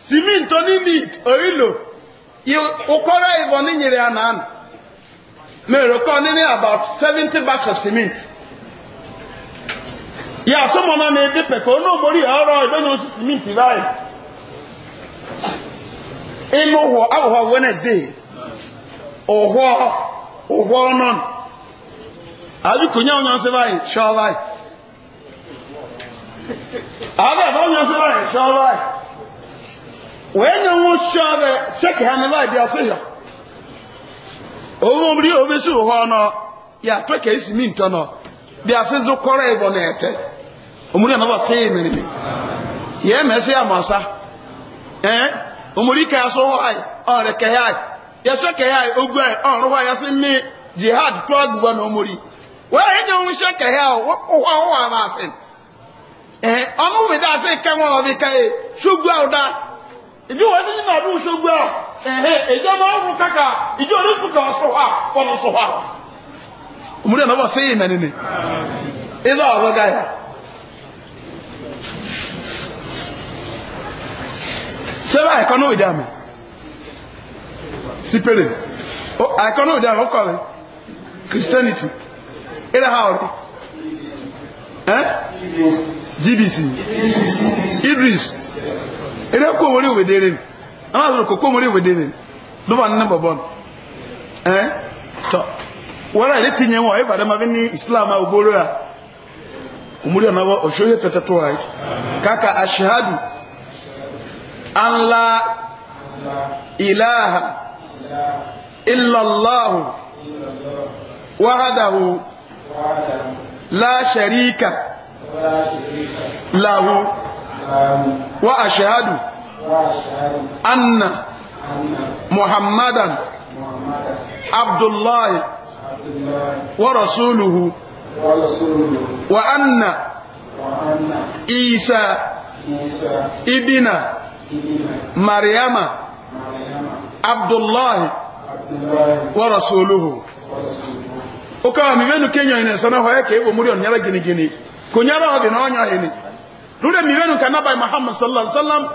simintó ní need orílò ukọ́rọ̀ ìbọn ní nyere ya náà mẹ́rọ kọ́ ní about seventy bags of cement yà sọmọ náà ní ẹdí pẹ̀kọ́ ó náà mórí ọ̀rọ̀ ìdọ́nyọ̀ sí cement báyìí inú wọ awọ̀wọ̀ wednesday. ụhwọ ụhwọ ọnọ ajụkụnye onye nsị banyị shọọ banyị abịaba onye nsị banyị shọọ banyị wee nye nwa shọọ banyị ha na banyị dị asị ya owó mmiri obesi ụhwọ ọnọ ya atọ ka esi mi ntọ nọ dị asị zụkọrọ ịbọ na-ete omuri anabọ sị ya mere ya emesị ya masa ee eh, omuri ka ya sọ hụ anyị ọ rekeghe anyị yɛhyɛ ya ogu oh, a ɔnro hɔ a yɛse me jihad to aguba na ɔmori wɔyɛ yɛnyɛ ho hyɛ kɛyɛ a wɔhɔ a wɔwɔ aba ase ɛɛ ɔmo wi da ase kɛ wɔn ɔbi ka ye sogu awo da ebi wɔ ɛsɛ nyina ɔbi sogu awo ɛhɛ ebi ɔmo ɔmo kaka ebi ɔmo tu ka ɔso hɔ a ɔmo so hɔ a ɔmo de na ɔbɔ se yi na nini ɛdɛ ɔbɔ ga ya sɛbɛn a yɛ kɔ no sipere àìkọ́nà òde àwọn ọkọ̀ rẹ̀ christianity ẹ̀rẹ̀ ha ọ̀rẹ́ gbc idris ẹ̀rẹ̀ kó wọlé òwe dèrè ni àwọn àlọ́ kò kó wọlé òwe dèrè ni lọ́wọ́ nínú bọ̀bọ̀ ni ẹ́ wọ́n rẹ̀ ti yẹn wọ̀ ẹ̀ fàdé máa fi ní islam ọ̀nà ọ̀ṣọ́yẹ tó kàkà anla ilaha إلا الله وحده لا شريك له وأشهد أن محمدا عبد الله ورسوله وأن عيسى ابن مريم عبد الله ورسوله okawa mibenu kenyo ine sana hoye ke ebo muri onyara gini gini kunyara obi na onya ini lule mibenu kanaba muhammad sallallahu alaihi wasallam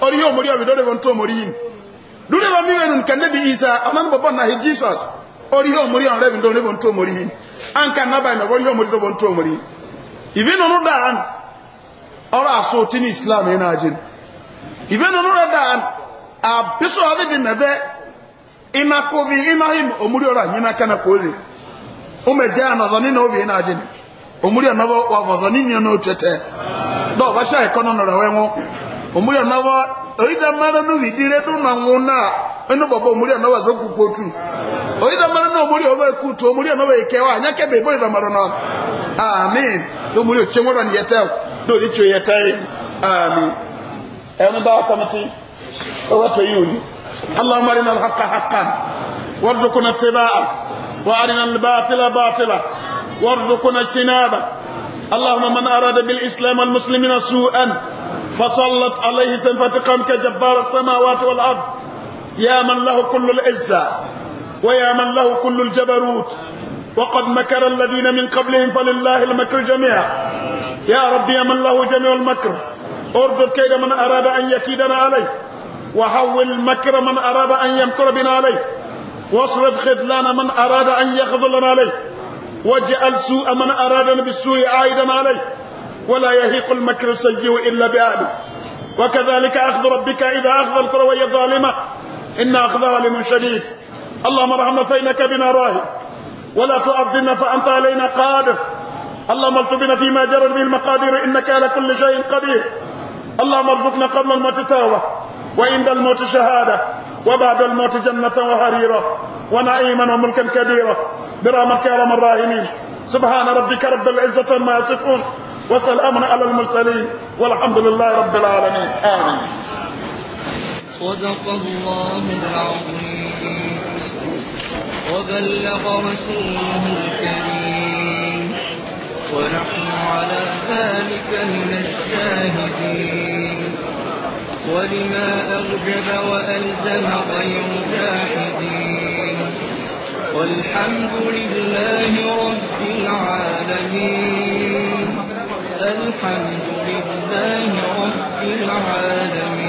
oriyo muri obi dole bonto muri yin lule ba mibenu kanabi isa anan baba na he jesus oriyo muri on rebi dole bonto muri yin an kanaba na oriyo muri dole bonto muri even onu dan, ora so tin islam ina ajin even onu da an abiso ade bi mɛvɛ inakovi inahim omuri ɔra nyina kana kooli umɛdze anazɔni na ovi ina adzini omuri ɔnɔvɔ wavɔzɔni nyina na otwɛtɛ dɔw ɔbɛhyɛ ɛkɔnɔ nɔrɔ wɛ ŋo omuri ɔnɔvɔ oyidamara no vidire do na ŋo na ɛnu bɔbɔ omuri ɔnɔvɔ azɔ kukotu oyidamara no omuri ɔvɛ kutu omuri ɔnɔvɔ ekɛwa anyakɛ bebo idamara na amen omuri otwe ŋo rɔ ni yɛtɛ o dɔw ni tso yɛtɛ amen ɛnu bá wa kɔmiti. وتيوني اللهم ارنا الحق حقا وارزقنا اتباعه وارنا الباطل باطلا وارزقنا اجتنابه اللهم من اراد بالاسلام والمسلمين سوءا فصلت عليه سنفتقا كجبار السماوات والارض يا من له كل العزه ويا من له كل الجبروت وقد مكر الذين من قبلهم فلله المكر جميعا يا رب يا من له جميع المكر اردد كيد من اراد ان يكيدنا عليه وحول مكر من أراد أن يمكر بنا عليه واصرف خذلان من أراد أن يخذلنا عليه واجعل سوء من أرادنا بالسوء عائدا عليه ولا يهيق المكر السيء إلا بأهله وكذلك أخذ ربك إذا أخذ القرى وهي ظالمة إن أخذها لمن شديد اللهم ارحمنا فإنك بنا راهب ولا تؤذن فأنت علينا قادر اللهم بنا فيما جرت به المقادير إنك على كل شيء قدير اللهم ارزقنا قبل الموت وعند الموت شهادة وبعد الموت جنة وهريرا ونعيما وملكا كبيرا برامك يا رب الراحمين سبحان ربك رب العزة ما يصفون وسلام على المرسلين والحمد لله رب العالمين آمين صدق الله العظيم وبلغ رسوله الكريم ونحن على ذلك من الشاهدين ولما أوجب وألزم غير جاحدين والحمد لله رب العالمين الحمد لله رب العالمين